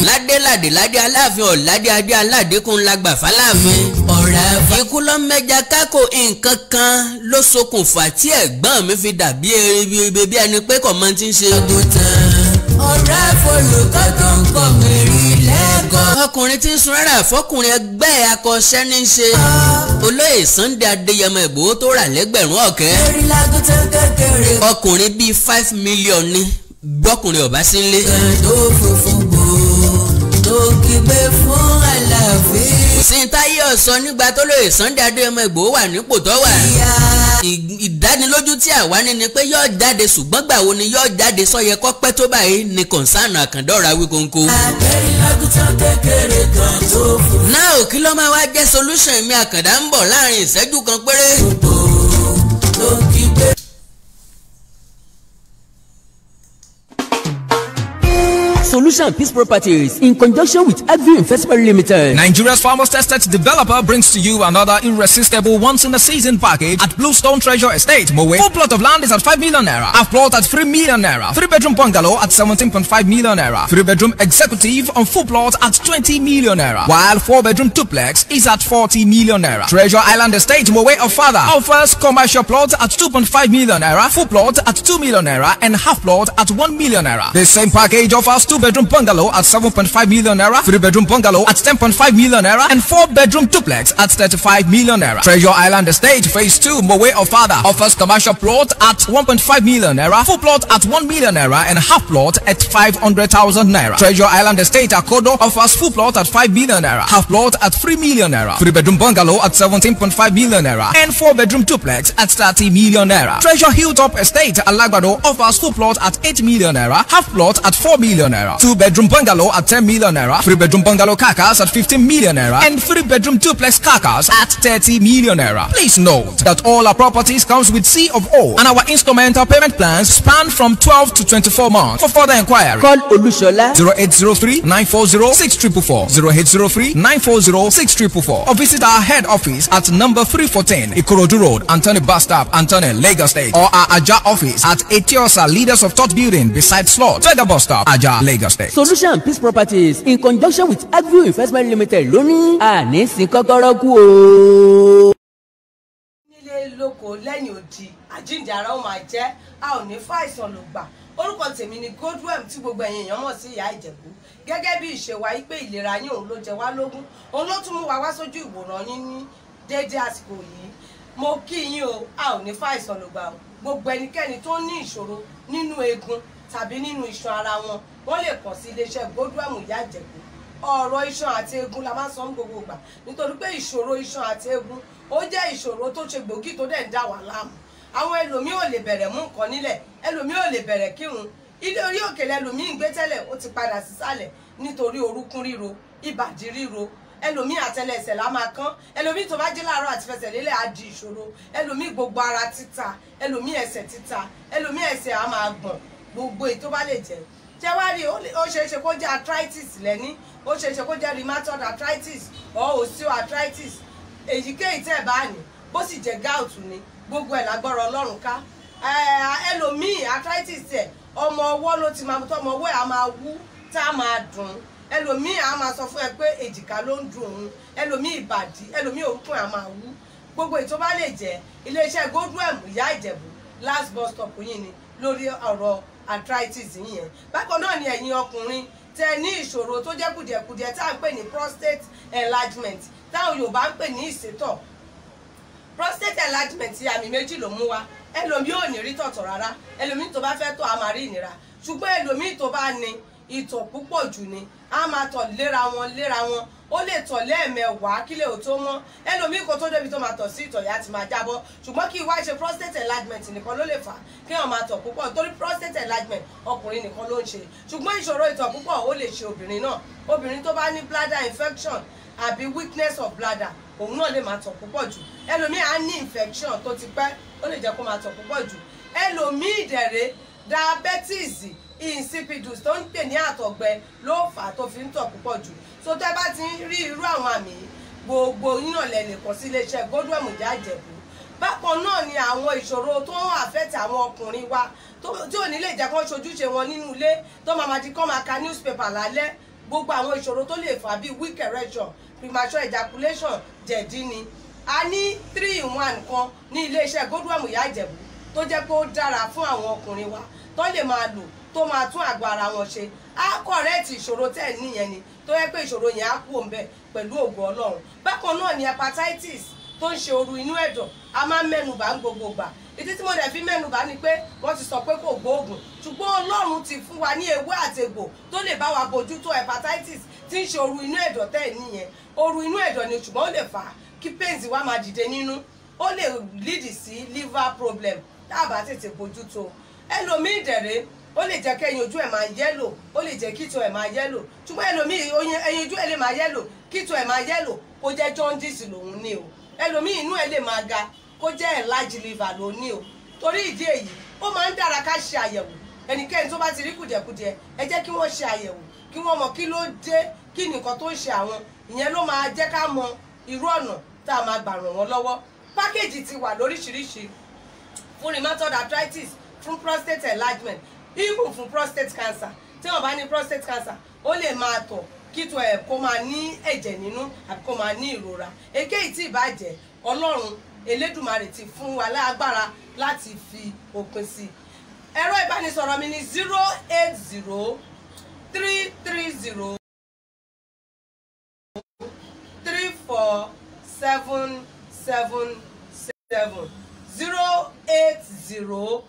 ládéládé ládé aláàfin ọ̀ládé adé aládékún lágbà fáláàfin ọ̀rẹ́ ikú lọ mẹ́ja kákò nǹkan kan ló ṣokùnfà tí ẹ̀gbọ́n mi fi dàbí eribi bí ẹni pé kò mọ ti ń ṣe. ọ̀rẹ́ folùkọ́ tó ń kọ́ mi gan. ọkùnrin tí ń sun rárá fọkùnrin ẹgbẹ́ akọṣẹ́ ní í ṣe. olóyè Sunday Adéyẹmọ Ìgbòho tó rà lẹ́gbẹ̀rún ọ̀kẹ́. ọkùnrin bíi five million ni gbọ́kùnrin ọ̀bá sí ń lé. tó funfun gbòó tó kígbe fún síntáyé ọ̀sán nígbà tó lóye Sunday Adéyẹmọ Ìgbòho wà nípò tó wà ìdánilójú tí àwa ní ni pé yóò jáde ṣùgbọ́n gbà wo ni yóò jáde sọ́yẹ kọ́ pẹ́ tó báyìí ni kọ̀ǹsánù àkàndọ́ra wí kónkó. náà òkìlọ́ máa wá jẹ́ solution mi àkàndá ń bọ̀ láàrin ìṣẹ́jú kan péré. Solution Peace Properties in conjunction with Agri Investment Limited. Nigeria's Farmers Tested Developer brings to you another irresistible once in a season package at Bluestone Treasure Estate, Mowe. Full plot of land is at 5 million naira. Half plot at 3 million naira. Three bedroom bungalow at 17.5 million naira. Three bedroom executive on full plot at 20 million naira. While four bedroom duplex is at 40 million naira. Treasure Island Estate, Mowe of Father offers commercial plot at 2.5 million naira. Full plot at 2 million naira and half plot at 1 million naira. The same package offers two two-bedroom bungalow at 7.5 million naira, three-bedroom bungalow at 10.5 million naira, and four-bedroom duplex at 35 million naira. Treasure Island Estate Phase 2 Mowe Ofada offers commercial plot at 1.5 million naira, full plot at 1 million naira, and half plot at 500,000 naira. Treasure Island Estate Akodo offers full plot at 5 million naira, half plot at 3 million naira, three-bedroom bungalow at 17.5 million naira, and four-bedroom duplex at 30 million naira. Treasure Hilltop Estate Alagado offers full plot at 8 million naira, half plot at 4 million naira. Two bedroom bungalow at 10 million naira. Three bedroom bungalow carcass at 15 million naira. And three bedroom duplex carcass at 30 million naira. Please note that all our properties comes with C of O and our instrumental payment plans span from 12 to 24 months. For further inquiry, call Olushola 0803 940 or visit our head office at number 314 Ikorodu Road, Antony Bus Stop, Antony, Lagos State or our Aja office at Etiosa Leaders of Thought Building beside Slot, Federal Bus Stop, Aja, Lagos. Lagos State. Solution Peace Properties in conjunction with Agri Investment Limited lóní àní sin kọ́kọ́rọ́ kú o. nílé lóko lẹ́yìn odi àjíǹde ó máa jẹ́ a ò ní fàìsàn ló gbà orúkọ tèmi ni Godwem tí gbogbo ẹ̀yin èèyàn mọ̀ sí ìyá Ìjẹ̀bú gẹ́gẹ́ bí ìṣe wa pé ìlera yín òun ló jẹ wá lógún òun ló tún mú wa wá sójú ìwòran yín ní déédéé àsìkò yìí mo kí yín o a ò ní fàìsàn ló gbà o gbogbo ẹnikẹ́ni tó ní ìṣòro nínú eegun tàbí nínú iṣan ara wọn wọ́n lè kàn sí iléeṣẹ́ gbódúàmù ìyá àjẹ̀kú ọ̀rọ̀ iṣan àti eegun la máa ń sọ ní gbogbo ìgbà nítorí pé ìṣòro iṣan àti eegun ó jẹ́ ìṣòro tó ṣe gbòógì tó dẹ̀ ń dà wá láàmú àwọn ẹlòmíì ò lè bẹ̀rẹ̀ mú nǹkan nílẹ̀ ẹlòmíì ò lè bẹ̀rẹ̀ kírun ilé orí òkè lẹlòmíì ń gbé tẹ́lẹ̀ ó ti padà sísàlẹ̀ nítorí orúkún ríro ìbàdí ríro ẹlòmíì àtẹlẹsẹ̀ la máa kán ẹlòmíì tó bá jí láàárọ̀ àti fẹsẹ̀ lélẹ̀ á di ìṣòro ẹlòmíì gbogbo ara títa ẹlòmíì ẹsẹ̀ títa ẹlòmíì ẹsẹ̀ á máa gbọ̀n gbogbo èyí bá lè jẹ́ ṣé wá rí ó ṣeéṣe kó jẹ́ arthritis lẹ́ní ó ṣeéṣe kó jẹ́ rheumatoid arthritis or osteoarthritis èyíkéyìí tẹ́ ẹ̀ bá ní bó sì jẹ́ gout ni gbogbo ẹ̀ lágbára ọlọ́run ká ẹlòmíì arthritis tẹ̀ ọmọ ọwọ́ ló ti máa tọ́ ọmọ ọwọ́ ẹ̀ á máa wú tá a máa dùn ún ẹlòmíì á máa sọ fún ẹ pé èjìká ló ń dùn òun ẹlòmíì ìbàdí ẹlòmíì orúkún á máa wú gbogbo ètò bá lè jẹ́ iléeṣẹ́ Godwem ìyá ìjẹ̀bú last bus stop yìí ni lórí ọ̀rọ̀ arthritis yìnyẹn bákan náà ni ẹ̀yin ọkùnrin tẹ ní ìṣòro tó jẹ́ kùdìẹ̀kùdìẹ̀ tá à ń pè ní prostate enlargement táwọn Yorùbá ń pè ní ìsétọ̀ prostate enlargement àmì méjì ló mú wa ẹlòmíì ò ní rí tọ̀tọ̀ rárá ẹlòmíì tó bá fẹ́ tọ̀ a máa rí ìnira ṣùgbọ́n ẹlòmíì tó bá ní ìtọ̀ púpọ̀ jù ni á máa tọ̀ léra wọn léra wọn ó lè tọ̀ lẹ́ẹ̀mẹwàá kílẹ̀ ò tó mọ́ ẹlòmíì kò tó débi tó máa tọ̀ sí ìtọ̀lẹ́ àti máa jábọ́ ṣùgbọ́n kí wáá ṣe prostate enlargement nìkan ló lè fà á kí wọ́n máa tọ̀ púpọ̀ torí prostate enlargement ọkùnrin nìkan ló ń ṣe ṣùgbọ́n ìṣòro ìtọ̀ púpọ̀ ó lè ṣe obìnrin náà obìnrin tó bá ní bladder infection àbí weakness of bladder òun náà lè máa tọ̀ púpọ̀ jù ẹlòmíì á ní infection tó ti pẹ́ ó lè jẹ́ kó máa tọ̀ púpọ̀ jù ẹlòmíì dẹ̀rẹ̀ diabetes insipidus tó ń pè ní àtọ̀gbẹ ló fà á tó fi ń tọ̀ púpọ̀ jù so tẹ́ bá ti ń rí irú àwọn àmì gbogbo yín ọ̀lẹ́ nìkan sí iléeṣẹ́ Godwell Mujah Àjẹ̀bú bákan náà ni àwọn ìṣòro tó ń àfẹ́tì àwọn ọkùnrin wa tí ò ní lè jẹ́ kó ṣojúṣe wọn nínú ilé tó máa ma di kó máa ka newspaper lálẹ́ gbogbo àwọn ìṣòro tó lè fà bíi weak erection premature ejaculation jẹ̀dí ni a ní three in one kan ní iléeṣẹ́ Godwell Mujah Àjẹ̀bú tó jẹ́ pé ó dára fún àwọn ọkùnrin wa tó lè máa lò tó máa tún àgọ́ ara wọn ṣe á kọ̀rẹ́ẹ̀tì ìṣòro tẹ̀ níyẹn ni tó yẹ pé ìṣòro yẹn á kú òǹbẹ pẹ̀lú ògo ọlọ́run bákan náà ni hepatitis tó ń ṣe ooru inú ẹ̀dọ̀ a máa ń mẹ́nubà ń gbogbo gbà ìdí tí mo dẹ̀ fi mẹ́nubà ni pé wọ́n ti sọ pé kò gbóògùn ṣùgbọ́n ọlọ́run ti fún wa ní ewé àtegbò tó lè bá wa bójútó hepatitis tí ń ṣe ooru inú ẹ̀dọ̀ tẹ̀ níyẹn ooru inú ẹ̀dọ̀ ni ṣùgbọ́n ó lè fà á kí pains wa máa dìde nínú ó lè lead sí liver problem tá a bá tètè bójútó ẹlòmíì dẹ̀rẹ́ ó lè jẹ́ kẹ́yìn ojú ẹ̀ máa yẹ́lò ó lè jẹ́ kíto ẹ̀ máa yẹ́lò ṣùgbọ́n ẹlòmíì ẹyin ojú ẹ̀ lè máa yẹ́lò kíto ẹ̀ máa yẹ́lò kó jẹ́ jaundice lòun ní o ẹlòmíì inú ẹ̀ lè máa ga kó jẹ́ enlarged liver lòun ní o torí ìdí èyí ó máa ń dára ká ṣe àyẹ̀wò ẹnikẹ́ni tó bá ti rí kùdìẹ̀kudiẹ ẹ jẹ́ kí wọ́n ṣe àyẹ̀wò kí wọ́n mọ kí ló dé kí nìkan tó ń ṣe àwọn ìyẹn ló máa jẹ́ ká mọ irú ọ̀nà tá a máa gbà ràn wọ́n lọ́wọ́ pákéjì ti wà lóríṣiríṣi fún rheumatoid arthritis fún prostate enlargement even fún prostate cancer tí wọ́n bá ní prostate cancer ó lè máa tọ̀ kíto ẹ̀ kó máa ní ẹ̀jẹ̀ nínú àbí kó máa ní ìrora èkéyìí tí ìbàjẹ́ ọlọ́run elédùmarè ti fún wa lágbára láti fi òpin sí i ẹ̀rọ ìbánisọ̀rọ̀ mi ni zero eight zero three three zero three four seven seven seven zero eight zero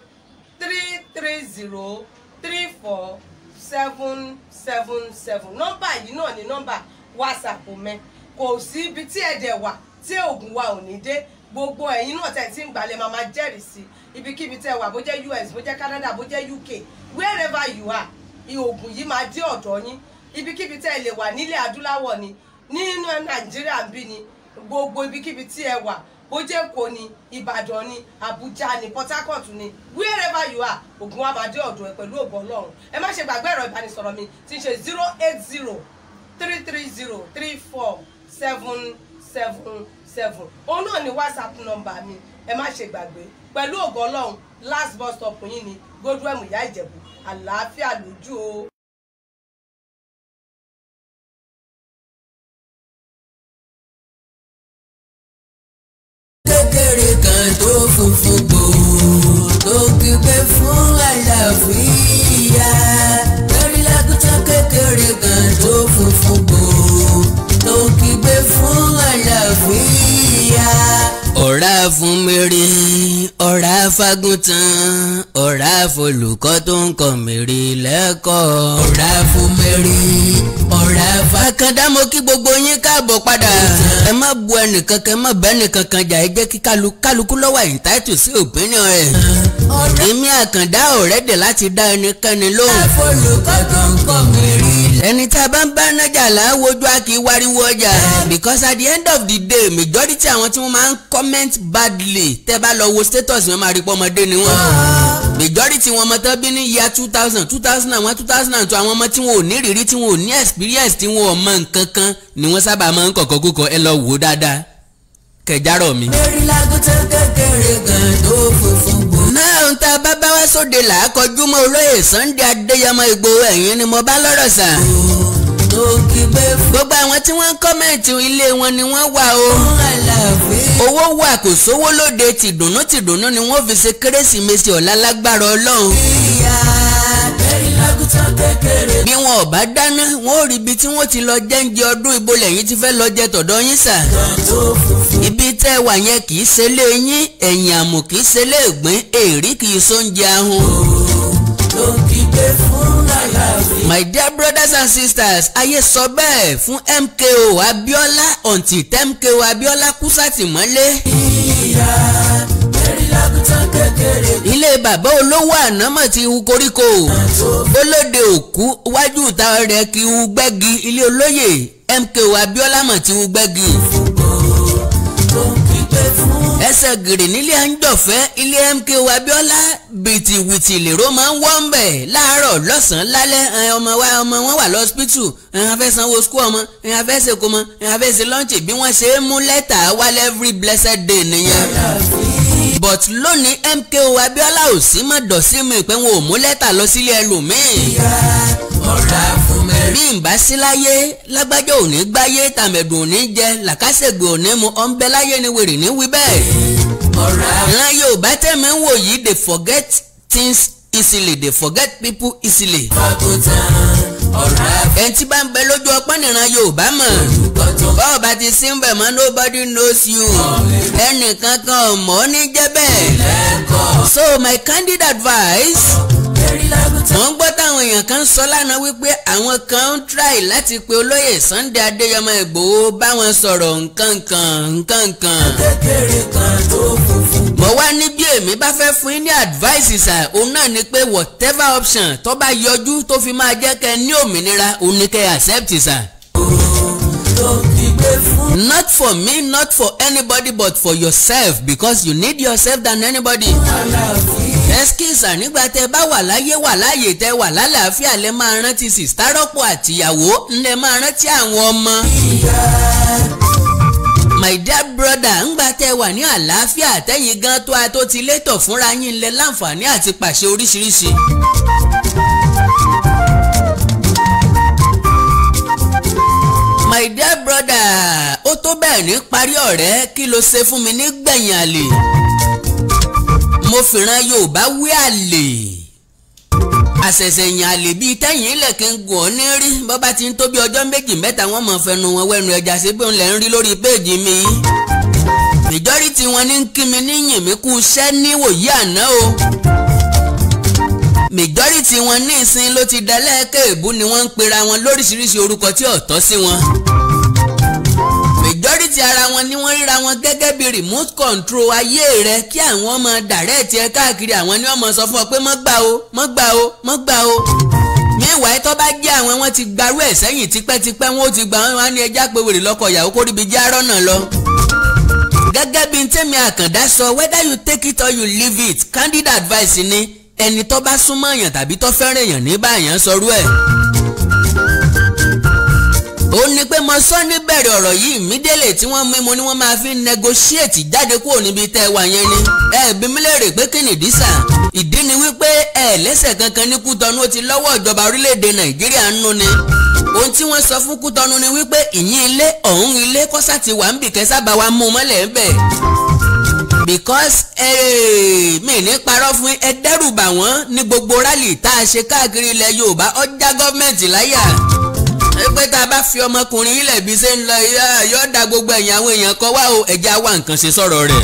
three three zero three four seven seven seven nọ́mbà yìí náà ni nọ́mbà whatsapp mi kò sí ibi tí ẹ̀dẹ̀ wà tí oògùn wa ò ní dé gbogbo ẹ̀yin náà tẹ̀ tí ń gbalẹ̀ máa máa jẹ́rìí sí ibikíbi tẹ́ wà bó jẹ́ US bó jẹ́ Canada bó jẹ́ UK wherever you are oògùn yìí máa dé ọ̀dọ̀ yín ibikíbi tẹ́ lè wà nílẹ̀ adúláwọ̀ ni nínú nàìjíríà ń bí ni gbogbo ibikíbi tí ẹ wà bójẹ́kọ ni ìbàdàn ni àbújá ni port harcourt ni wherever you are ògùn wa máa dé ọ̀dọ̀ e ẹ pẹ̀lú ògbọ́n ọlọ́run ẹ má ṣe gbàgbé ẹ̀rọ ìbánisọ̀rọ̀ mi tí ṣe zero eight zero three three zero three four seven seven seven òun náà ni whatsapp nọ́mbà mi ẹ má ṣe gbàgbé pẹ̀lú ògbọ́n ọlọ́run last bus stop yín ni godwem ìyá ìjẹ̀bù àlàáfíà lójú o. tó funfun gbò tó kígbe fún àlàáfíà lórí lágùntàn kékeré kan tó funfun gbò. fún mèrè ọ̀rá fagùntàn ọ̀rá folùkọ́ tó ń kọ́ mèrè lẹ́kọ̀ọ́. ọ̀rá fún mèrè ọ̀rá fa. àkàndá mo kí gbogbo yín káàbọ̀ padà. ẹ má bu ẹnìkan kan ẹ má bẹ́ ẹnìkan kan jà ẹ jẹ́ kí kálukú lọ́wọ́ ìtàtù sí òpínìyàn ẹ̀. èmi àkàndá ọ̀rẹ́dẹ̀ láti dá ẹnikẹ́ni lóhùn. ọ̀rá folùkọ́ tó ń kọ́ mèrè ẹni tá a bá ń bá nájà là a kì í wariwo ọjà because at the end of the day majority àwọn tí wọ́n máa ń comment badly tẹ́ bá lọ wo status wọn máa rí pọ́ ọmọdé ni wọ́n majority wọn ọmọ tán bí ní year two thousand two thousand and one two thousand and two àwọn ọmọ tí wọn ò ní rírí tí wọn ò ní experience tí wọn ò mọ nǹkan kan ni wọ́n sábà máa ń kọ̀kọ́ kókọ́ ẹ lọ wò ó dáadáa kẹjárọ̀ mi. erin lagun tó kékeré gan tó funfun gbòó. náà ọlọ́run tá a bá bá wá sóde là mọ́ olóyè Sunday Adéyẹmọ Ìgbòho ẹ̀yìn ni mo bá lọ́rọ̀ sà. gbogbo àwọn tí wọ́n ń kọ́mẹ̀ntì ilé wọn ni wọ́n wà o. owó wà kò sówó lóde tìdùnnú tìdùnnú ni wọ́n fi ṣe kérésìmesì ọ̀la lágbára ọlọ́run tán kékeré. bí wọn ò bá dáná wọn ò rí ibi tí wọn ti lọ jẹ́ǹjẹ ọdún ibo lẹ́yìn ti fẹ́ lọ jẹ tọ̀dọ̀ yín sà. ibi tẹ́ wà yẹn kì í ṣe lé yín ẹ̀yìn àmù kì í ṣe lé ìgbín èrí kì í sóúnjẹ ahun. ló ń kígbe fún lálàáfíà. my dear brothers and sisters ayé sọ bẹ́ẹ̀ fún MKO Abiola until MKO Abiola kú sátìmọ́lé. ìyá ilé bàbá olówó ànámọ̀ ti hu koríko bólóde òkú wájú ìta rẹ̀ kí hu gbẹ́gi ilé olóyè MKO Abíọ́lá mọ̀ ti hu gbẹ́gi ẹsẹ̀ gèrè nílé àńjọ̀fẹ́ ilé MKO Abíọ́lá bìtìwìtì lèrò máa ń wọ́ ń bẹ̀ láàárọ̀ lọ́sàn-án lálẹ́ ọmọ wa ọmọ wọn wà lọ́sípítù ẹ̀yàn afẹ́ sanwó skú ọmọ ẹ̀yàn afẹ́ ṣèkómọ ẹ̀yàn afẹ́ ṣe lọ́ǹchì bí wọ́n ṣe é mú lẹ́tà wálé every blessed day nìyẹn but lónìí MKO Abiola ò sí mọ́ dọ̀sí mi pé wọn ò mú lẹ́tà lọ sílé ẹlòmíì. ìyá ọ̀rá fún mi. bí n bá sí láyé lágbájá ò ní gbáyé tàmẹ̀dùn ò ní jẹ làkàṣègbè ò ní mu ọ̀nbẹ láyé ni wèrè ní wí bẹ́ẹ̀. ìran Yorùbá tẹ̀mí wò yìí dey forget things easily they forget people easily ẹ̀ǹtí bá ń bẹ lójú ọpọ́n nìran Yorùbá mọ̀ bọ́ọ̀ ti sí ń bẹ̀ mọ́ nobody knows you ẹnìkankan mọ̀ ọ́ ní jẹ́ bẹ́ẹ̀ so my candid advice wọ́n gbọ́ táwọn èèyàn kan sọ lánàá wípé àwọn kan ń try láti pe olóyè Sunday Adéyẹmọ Ìgbòho báwọn sọ̀rọ̀ nǹkankan nǹkankan. kékeré kan tó funfun. mo wá ní bí èmi bá fẹ́ fún yín ní advice sà òun náà ni pé whatever option tó bá yọjú tó fi máa jẹ́ kẹ́ ní òmìnira òun ni kẹ́ accept sà not for me not for anybody but for yourself because you need yourself than anybody. ẹ́skísà nígbà tẹ bá wà láyé wà láàyè tẹ wà lálàáfíà lẹ máa rántí sìstárọ́pọ̀ àtìyàwó ńlẹ máa rántí àwọn ọmọ. my dear brother ńgbà tẹ wà ní àlàáfíà tẹ̀yìn gan tó a tó ti létò fúnra yín lẹ láǹfààní àti pàṣẹ oríṣiríṣi. my dear brother ó tó bẹ́ẹ̀ ní parí ọ̀rẹ́ kí ló ṣe fún mi nígbẹ̀yìn àlè mo fìran Yorùbá wí àlè àṣẹ̀ṣẹ̀ yàn àlè bíi tẹ́yìn ilẹ̀ kí n gùn ọ́ ní rí bó bá ti ń tó ọjọ́ méjì mẹ́ta wọ́n mọ̀ fẹnu wọn wẹ́nu ẹja sí pé òun lẹ̀ ń rí lórí péèjì mi majority wọn ní kí mi níyìn mi kú iṣẹ́ níwòyí àná o majority wọn ní ìsìn ló ti dalẹ́kẹ̀ èbú ni wọ́n ń pera wọn lóríṣiríṣi orúkọ tí ọ̀tọ́ sí wọn. majority ara wọn ni wọ́n ríra wọn gẹ́gẹ́ bí remote control ayé rẹ kí àwọn ọmọ direct ẹ káàkiri àwọn ni wọ́n mọ̀ sọ fún ọ pé mọ́ gbà o mọ́ gbà o mọ́ gbà o mẹ́wàá ẹ tó bá jẹ́ àwọn wọn ti gbarú ẹ̀ sẹ́yìn tipẹ́tipẹ́ wọn ó ti gbà wọn ní ẹja pé wèrè lọ́kọ̀ ìyàwó kó ríbi já rọ́nà lọ. gẹ́gẹ́ bí tèmi àkàndá sọ whether you take it or you leave it candid advice ni ẹni tó bá súnmọ́ èèyàn tàbí tó fẹ́ràn èèyàn ní báyàn sọrú ẹ̀. ó ní pé mo sọ ní bẹ̀rẹ̀ ọ̀rọ̀ yìí mídélè tí wọ́n mímu ni wọ́n máa fi negotiate jáde kúrò níbi tẹ́ ẹ wà yẹn ni. ẹ bí mi léèrè pé kí nìdí sà ìdí ni wípé ẹ lẹ́sẹ̀ kankan ní Kútọ́nù ó ti lọ́wọ́ ìjọba orílẹ̀-èdè Nàìjíríà ń nu ni ohun tí wọ́n sọ fún Kútọ́nù ni wípé ìyín ilé ọ̀hún ilé kọ́sà ti wà ń because eh, mi ní parọ́ fún ẹ dẹ́rù bà wọ́n ní gbogbo rálì tá a ṣe káàkiri ilẹ̀ Yorùbá ọjà gọ́ọ̀mẹ̀ntì láyà pé tá a bá fi ọmọkùnrin ilẹ̀ bí ṣe ń lọ yóò da gbogbo ẹ̀yìn àwọn èèyàn kan wá o ẹ̀já wa nǹkan ṣe sọ̀rọ̀ rẹ̀.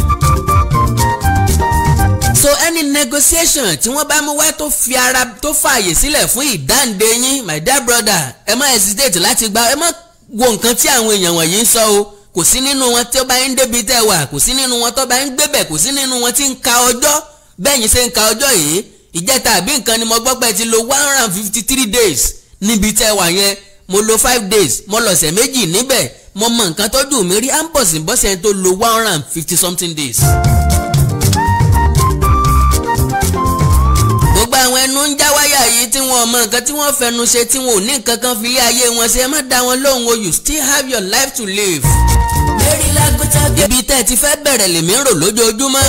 so any negotiation tí wọ́n bá mú wá tó fi ara tó fààyè sílẹ̀ fún ìdáǹdè yín my dear brother ẹ má hesitate láti gba ẹ má wo nǹkan tí àwọn èèyàn wọ̀nyí ń sọ o. So, kò sí nínú wọn tó bá ń débi tẹ́ wà kò sí nínú wọn tó bá ń gbébẹ̀ kò sí nínú wọn tí ń ka ọjọ́ bẹ́ẹ̀ yín ṣe ń ka ọjọ́ yìí ìjẹta àbí nǹkan ni mo gbọ́ pé ti lo one hundred and fifty three days níbi tẹ́ wà yẹn mo lo five days mo lọ̀sẹ̀ méjì níbẹ̀ mo mọ nǹkan tó dùn mí rí à ń bọ̀ sí bọ́sẹ̀ tó lo one hundred and fifty something days. gbogbo àwọn ẹnu ń jà yìí tí wọn mọ nǹkan tí wọ́n fẹnu ṣe tí wọn ò ní nǹkan kan fi ilé ayé wọn ṣe má dá wọn lóhùn o you still have your life to live. Mary Lagotage. ibi tẹ́ ẹ ti fẹ́ bẹ̀rẹ̀ lèmi rò lójoojúmọ́.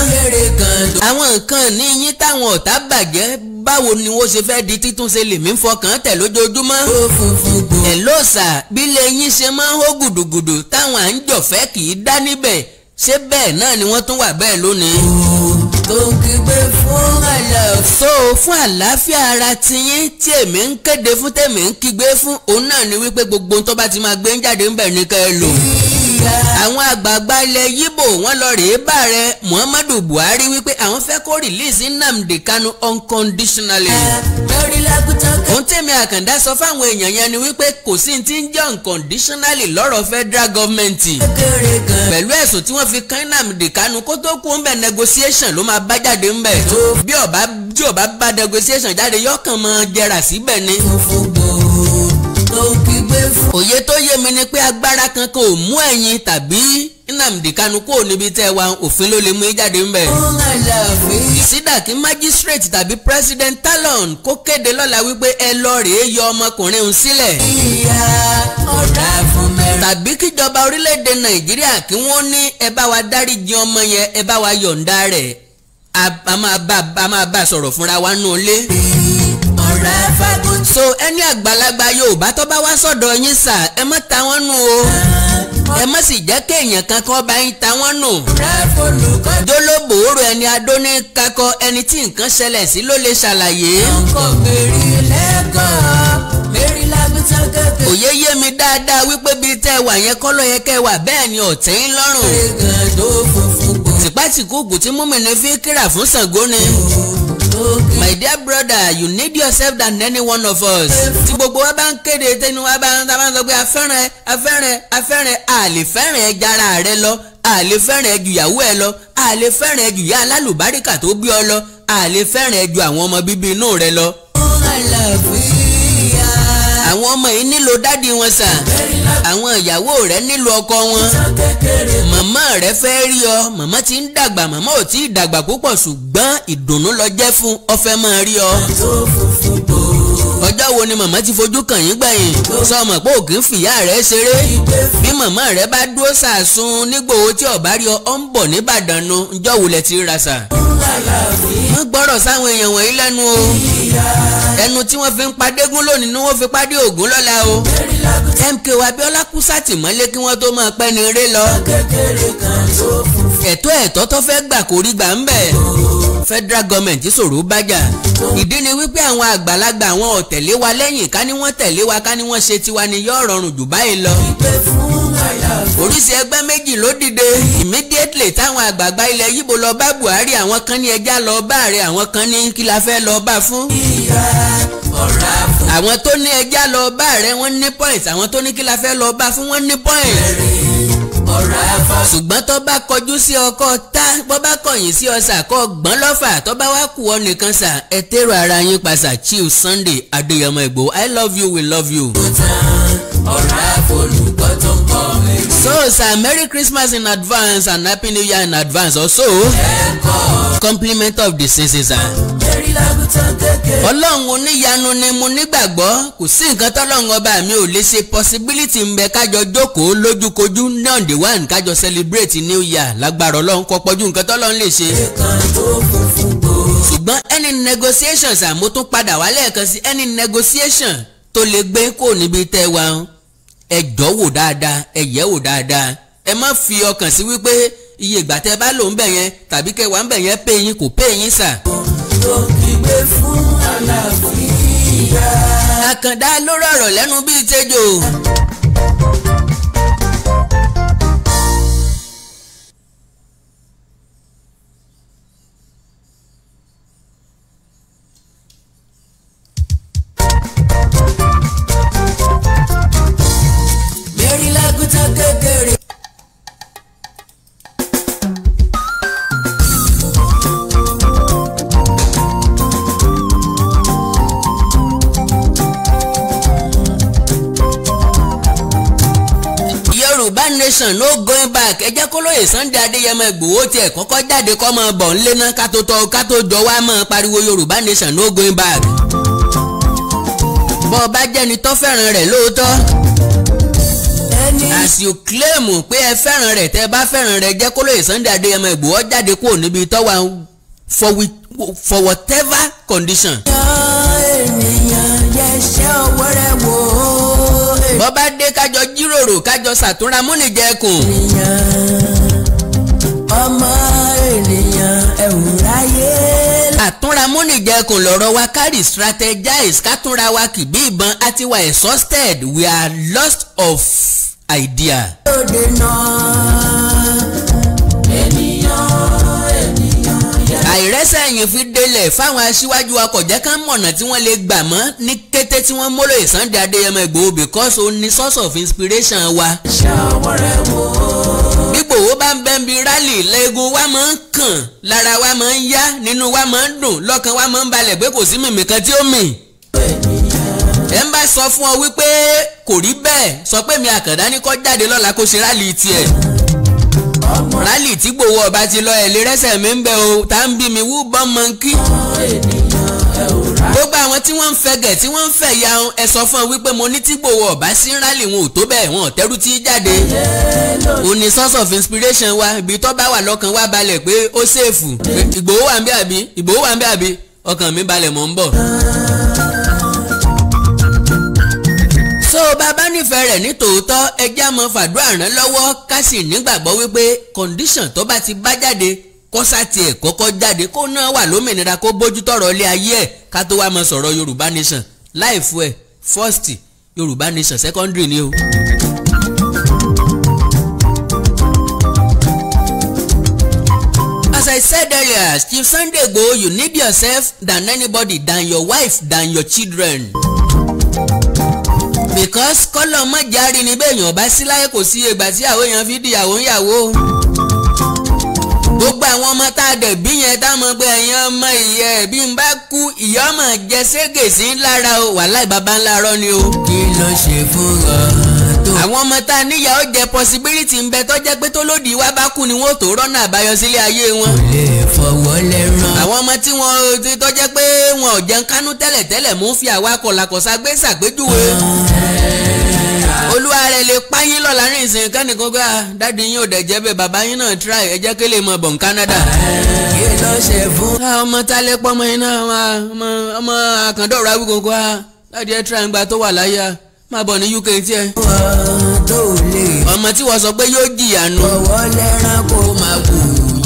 àwọn nǹkan ní yín táwọn ọ̀tá bàjẹ́ báwo ni wọ́n ṣe fẹ́ di títúnṣe lèmi fọkàn tẹ̀ lójoojúmọ́. ó funfun gbò. ẹ̀ lóòsà bílẹ̀ yín ṣe máa ń hó gùdùgùdù táwọn à ń jọ̀fẹ́ kì í dá níbẹ̀ ṣé bẹ́ẹ̀ náà ni wọ́n tún wà bẹ́ẹ̀ lónìí tó ń kígbe fún àlàáfíà. so fún àlàáfíà ara tiyín tí èmi ń kéde fún tèmi ń kígbe fún òun náà ni wípé gbogbo ohun tó bá ti máa gbé ń jáde ń bẹ̀ ní kẹ́ ẹ lò àwọn àgbààgbà ilẹ̀ yíbò wọ́n lọ rèé bàrẹ Muhammadu Buhari wípé àwọn fẹ́ kó release Nnamdi Kanu unconditionally. ohun tèmi Àkàndá sọ fáwọn èèyàn yẹn ni wípé kò sí ti ń jẹ́ unconditionally lọ́rọ̀ federal government. pẹ̀lú ẹ̀sùn tí wọ́n fi kan Nnamdi Kanu kó tó kú ńbẹ̀ negotiation ló máa bá jáde ńbẹ̀. bí ọba bí bá negotiation jáde yọkàn máa jẹrà síbẹ̀ ni fún. òye tó yé mi ni pé agbára kankan ò mú ẹ̀yin tàbí Nnamdi Kanu kúrò níbi tẹ́ wa òfin ló lè mú jáde ń bẹ̀. Oh májísírèètì tàbí president Talon kó kéde lọ́la wípé ẹ lọ rèé yọ ọmọkùnrin òun sílẹ̀. ìyá ọ̀dà fún mẹ́rin. tàbí kíjọba orílẹ̀-èdè Nàìjíríà kí wọ́n ní ẹ bá wa dáríjì ọmọ yẹn ẹ bá wa yọ̀ǹda rẹ̀ a máa bá a sọ̀rọ̀ fúnra wa nù ilé. ọ̀rẹ́ fẹ́ so ẹni àgbàlagbà Yorùbá tó bá wá sọ̀dọ̀ yín sà ẹ má ta wọ́n nù o ẹ má sì jẹ́ kéèyàn kankan bá yín ta wọ́n nù. jólóbò oró ẹni adó kakọ ẹni tí nǹkan ṣẹlẹ̀ sí ló lè ṣàlàyé. òye yé mi dáadáa wípé bíi tẹ́ wà yẹn kọ́ ló yẹ kẹ́ wà bẹ́ẹ̀ ni ọ̀tẹ̀ ń lọ́rùn. tìpátìkúùkù tí múmìnì fi kíra fún Ṣàngó ni my dear brother you need yourself than any one of us. tí gbogbo wa bá ń kéde tẹnu wa bá ń sábà ń sọ pé afẹ́rẹ́ afẹ́rẹ́ afẹ́rẹ́ àlè fẹ́rẹ̀ rẹ lọ àlè ju ìyàwó ẹ lọ àlè ju ìyá alálùbáríkà tó bí ọ lọ àlè ju àwọn ọmọ bíbí inú rẹ lọ. ó àlàfo àwọn ọmọ yìí nílò dádì wọn sà àwọn ìyàwó rẹ nílò ọkọ wọn màmá rẹ fẹ́ rí ọ màmá ti ń dàgbà màmá ò tí ì dàgbà púpọ̀ ṣùgbọ́n ìdùnnú ló jẹ́ fún ọ máa rí ọ ọjọ́ wo ni màmá ti fojú kàn yín gbẹ̀yìn sọ ọmọ pé òkè ń fìyà rẹ̀ ṣeré bí màmá rẹ̀ bá dúró sàásùn nígbòho tí ọ̀bá rí ọ ń bọ̀ nìbàdàn nu ǹjọ́ wo ti ra sà. wọ́n gbọ́rọ̀ sáwọn èèyàn wọ̀nyí lẹ́nu o ẹnu tí wọ́n fi ń padégún lónìí ni wọ́n fi pàdé ògún lọ́la o MK Abíọ́lá kú sátìmọ́lé kí wọ́n tó máa pẹ́ ni eré lọ ẹ̀tọ́ ẹ̀tọ́ tó fẹ́ gbà kò rí gbà ń bẹ̀ federal government ṣòro bájà ìdí ni wípé àwọn àgbàlagbà àwọn ò wa lẹ́yìn ká ní wọ́n tẹ̀lé wa ká ní wọ́n ṣe tiwa ni yóò rọrùn jù báyìí lọ. ìpè fún àyà oríṣi ẹgbẹ́ méjì ló dìde immediately táwọn àgbààgbà ilẹ̀ yíbo lọ bá Buhari àwọn kan ní ẹja lọ bá ààrẹ àwọn kan ní kí la fẹ́ lọ bá fún. ìyá ọ̀rá fún. àwọn tó ní ẹja lọ bá ààrẹ wọ́n ní point àwọn tó ní kí la fẹ́ lọ bá fún wọ́n ní point. ṣùgbọ́n tó bá kọjú sí ọkọ tá bó bá kọ̀yìn sí ọ̀sà kọ́ gbọ́n lọ́fà tó bá wá kú ọ nìkan sà ẹ tẹ́rọ ara yín pàṣà Chief Sunday Adéyẹmọ Ìgbòho I love you we love you. So, sir, Merry Christmas in advance and Happy New Year in advance also. Compliment of the season, sir. Ọlọ́run oníyanu ni mo nígbàgbọ́ kò sí nǹkan tọ́lọ́run ọba mi ò lè ṣe possibility ń bẹ kájọ jókòó lójúkojú ní on the one kájọ celebrate New Year lágbára ọlọ́run kò pọ̀jù nǹkan tọ́lọ́run lè ṣe. ṣùgbọ́n any negotiations àmótún padà wálé ẹ̀kan sí any negotiation tó lè gbé kò níbi tẹ́ wa. ẹjọ́ jọ́ wò dáadáa ẹ yẹ̀ wò dáadáa ẹ má fi ọkàn sí wípé iye ìgbà tẹ́ bá lò ń bẹ̀ yẹn tàbí kẹwàá ń bẹ̀ yẹn pé yín kò pé yín sà. tó kígbe fún àlàáfíà. àkàndá ló rọrọ̀ lẹ́nu bíi tẹ́jọ́. kólóyè Sunday Adéyẹmọ Ìgbòho tiẹ̀ kọ́kọ́ jáde kọ́ mọ bọ̀ kátó tọ́ kátó jọ wá mọ́ pariwo Yorùbá nation no going back. bọ́ bá jẹ́ni tó fẹ́ràn rẹ̀ lóòótọ́ as you claim pé ẹ fẹ́ràn rẹ̀ tẹ́ bá fẹ́ràn rẹ̀ jẹ́ kólóyè Sunday Adéyẹmọ Ìgbòho jáde kúrò níbi tọ́wà for, for whatever condition. ènìyàn yẹ ṣẹ́ ọwọ́ rẹ̀ wò bọ́ bá dé kájọ jíròrò kájọ ṣàtúnra múni jẹ kùn. ọmọ ènìyàn ẹ̀wù ráyé. àtúnra múni jẹ kùn wa kárí strategize kátúnra wa kì bí ìbọn a ti wà exhausted we are lost of idea. ó dènà. tẹ̀yìn fi délẹ̀ fáwọn aṣíwájú wa jẹ́ ká mọ̀nà tí wọ́n lè gbà mọ́ ní kété tí wọ́n mọ́lò Sunday Adéyẹmọ Ìgbòho because ó ní source of inspiration wa. ṣé ọmọ rẹ wò ó. bá ń bẹ́ẹ̀ bí rálì lẹ́gùn wa máa ń kàn lára wa máa ń yá nínú wa máa ń dùn lọ́kàn wa máa ń balẹ̀ pé kò sí mìmì kan tí ó mì ẹ ń bá sọ fún ọ wípé kò rí bẹ́ẹ̀ sọ pé mi àkàndá ní kó jáde lọ́la kó ṣe rálì tiẹ̀ rálì tí gbowó ọba ti lọ ẹ̀ lé rẹ́sẹ̀ mi ń bẹ o tá ń bí mi wú bọ́n mọ́ kí. gbogbo àwọn tí wọ́n ń fẹ̀gẹ̀ tí wọ́n ń fẹ̀ ya ẹ sọ fún ọ wípé mo ní tí gbowó ọba sí rálì wọn ò tó bẹ́ẹ̀ wọn ò tẹ́rù tí jáde. o ní source of inspiration wa ibi tó bá wà lọ́kàn wa balẹ̀ pé ó ṣèèfù ìgbòho wà ń bí àbí ìgbòho wà ń bí àbí ọkàn mi balẹ̀ mọ́ ń bọ̀. bá bá nífẹ̀ẹ́ rẹ̀ ní tòótọ́ ẹjẹ́ àmọ́ fàdúrà ràn lọ́wọ́ ká sì nígbàgbọ́ wípé kọ̀ǹdíṣàn tó bá ti bá jáde kọ́sá tiẹ̀ kọ́kọ́ jáde kó náà wà lómìnira kó bójú tọ̀rọ̀ ilé ayé ẹ̀ ká tó wá mọ sọ̀rọ̀ Yorùbá Nation láìfo ẹ̀ first Yorùbá Nation secondary ni o. As I said earlier, Chief Sunday go, you need yourself than anybody than your wife than your children because kọ́lọ̀ mọ̀járí ni bẹ́ẹ̀yàn bá sí láyé kò sí ìgbà tí àwọn èèyàn fi dìyàwó ńyàwó gbogbo àwọn ọmọ tá a dẹ̀ bí yẹn táwọn ọgbẹ́ ẹ̀yàn ọmọ ìyẹ́ bí n bá kú ìyá ọmọ jẹ ségèsí lára o wàhálà ìbàbá ńlá rọ ni o kí ló ṣe fún ọ odò. àwọn ọmọ tá a níyà ó jẹ possibility ń bẹ tó jẹ́ pé tó lòdì wá bá kú ni wọ́n tó rọ́nà àbáyọ sílé ayé wọn. kò lè fọwọ́ lẹ́rán. àwọn ọmọ tí wọ́n ti tó jẹ́ pé wọn ò jẹun kánú tẹ́lẹ̀tẹ́lẹ̀ mú fi àwa kọ̀làkọ̀sá gbé ṣàgbéjúwe. olúwa rẹ̀ lè páyín lọ láàrin ìsìn kánìkan gbà dáàdi yín ò dẹ̀ jẹ́ bẹ́ẹ̀ bàbá yín náà try ẹ jẹ́ kí lè mọ bọ̀n Canada. kí ló ṣe fún. ọmọ tálẹ́pọ̀ ọmọ yín náà ọmọ àkàndọ̀rọ̀ awúgbọ̀ngbọ̀ dáàdi ẹ try ń má bọ̀ ní UK tiẹ̀. ọmọ tí wọ́n sọ pé yóò jìyà nù. ọwọ́ lẹ́ràn kó máa wù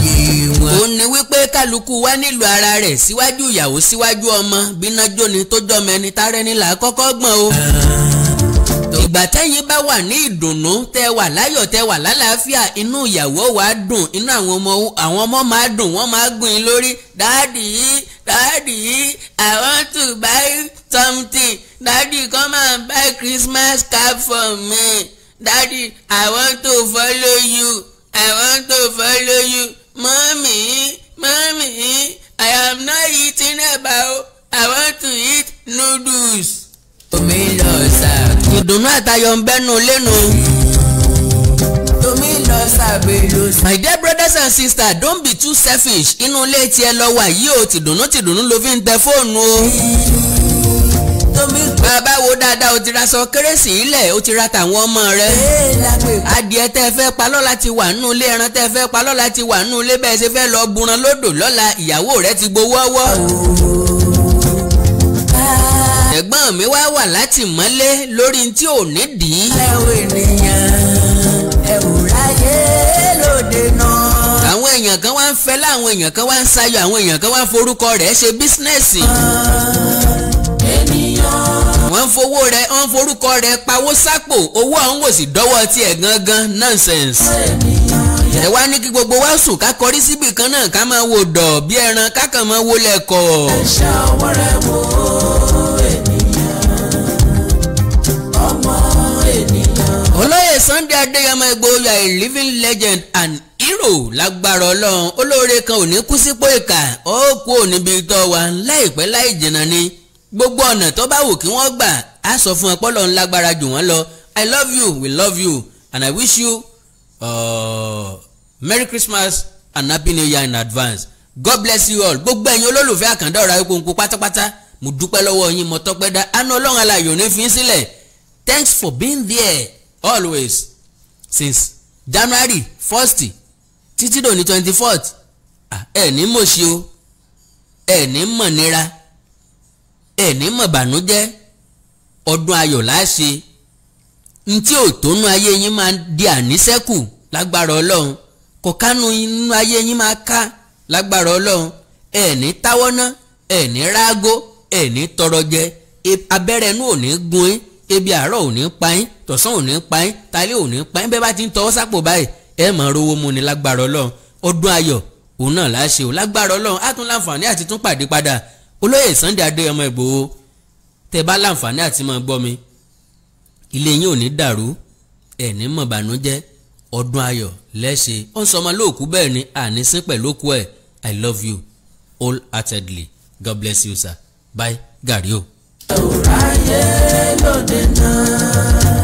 yé wọn. wípé kálukú wá nílùú ara rẹ̀ síwájú ìyàwó síwájú ọmọ bínájó ni tó jọmọ ẹni tárẹ́ni là kọ́kọ́ gbọ́n o. Uh, ìgbà tẹ́yin bá wà ní ìdùnnú tẹ́ wà láyọ̀ tẹ́ wà lálàáfíà inú ìyàwó wa dùn inú àwọn ọmọ àwọn ọmọ máa dùn wọ́n máa gbìn in lórí dáàdì yìí dáàdì yìí i want to buy something dáàdì come and buy christmas cap for me dáàdì i want to follow you i want to follow you mọ́mì mọ́mì i am not eating eba o i want to eat noodles. omi lọ sáà ìdùnnú àtayọ̀ ń bẹ́nu lẹ́nu. Tomi lọ sàbẹ̀lò. My dear brothers and sisters don't be too selfish inú ilé tiẹ̀ lọ wà yìí o tìdùnnú tìdùnnú ló fi ń tẹ fóònù o. Tomi bàbá wo dáadáa o ti ra sọ kérésì ilẹ̀ o ti ra tàwọn ọmọ rẹ. adìẹ tẹ́ fẹ́ pa lọ́la ti wà nínú ilé ẹran tẹ́ fẹ́ pa lọ́la ti wà nínú ilé bẹ́ẹ̀ ṣe fẹ́ lọ buran lódò lọ́la ìyàwó rẹ ti gbowó ọwọ́ ẹ̀gbọ́n mi wá wà látìmọ́lé lórí tí ò ní dì í. ẹ ò ènìyàn ẹ ò ráyè lóde náà. àwọn èèyàn kan wá ń fẹ́ láwọn èèyàn kan wá ń sayọ̀ àwọn èèyàn kan wá ń forúkọ rẹ̀ ṣe bísínẹ́sì. wọ́n ń fowó rẹ̀ wọ́n ń forúkọ rẹ̀ pawó sápò owó ọ̀hún kò sì dọ́wọ́ tiẹ̀ gangan nonsense. ènìyàn ẹ wá ní kí gbogbo wa sùn ká kọrí síbì kan náà ká máa wo dọ̀ bí ẹran ká kàn máa ẹ ṣe ọwọ́ rẹ wo. Sunday Adéyẹmọ Ìgbòho a living legend and hero lágbára ọlọ́run olóore kan ò ní kú sípò ìkà ó kú ò níbi tọ́ wa láìpẹ́ láì jìnnà ni gbogbo ọ̀nà tó bá wù kí wọ́n gbà á sọ fún ọpọlọ ńlágbára jù wọ́n lọ I love you we love you and I wish you uh, Merry Christmas and Happy New Year in advance God bless you all gbogbo ẹ̀yin olólùfẹ́ àkàndá ọ̀rọ̀ ayépoǹpo pátápátá mo dúpẹ́ lọ́wọ́ yín mo tọ́pẹ́ dá àánú ọlọ́run aláyọ̀ ní fi sílẹ̀ thanks for being there always since january 1st títí dòní 24th ẹ ní ṣe o ẹ ní mọ̀ nira ẹ ní mọ̀ bànújẹ́ ọdún ayọ̀ láṣe ntí òtónú ayé yín máa di àníṣẹ́kù lágbára ọlọ́run kọ̀kánú inú ayé yín máa ká lágbára ọlọ́run ẹ ní táwọ́ná ẹ ní ráágó ẹ ní tọrọ jẹ abẹ́rẹ́ inú ò ní gun yín ebi àárọ̀ ò ní pa yín tọ̀sán ò ní pa yín talẹ́ ò ní pa yín bẹ́ẹ̀ bá ti ń tọwọ́ sápò báyìí ẹ mọ̀ rówó mu ni lágbára ọlọ́run ọdún ayọ̀ òun náà là ò lágbára ọlọ́run á tún láǹfààní àti tún pàdé padà olóyè Sunday Adéyẹmọ Ìgbòho tẹ bá láǹfààní àti máa gbọ́ mi ilé yín ò ní dàrú ẹ̀ ní mọ̀ bànújẹ́ ọdún ayọ̀ lẹ́ṣe ó ń sọmọ lóòkú bẹ́ẹ̀ ni ànísín I love you wholeheartedly God bless you sir bye gàrí o ò ráyè lóde náà.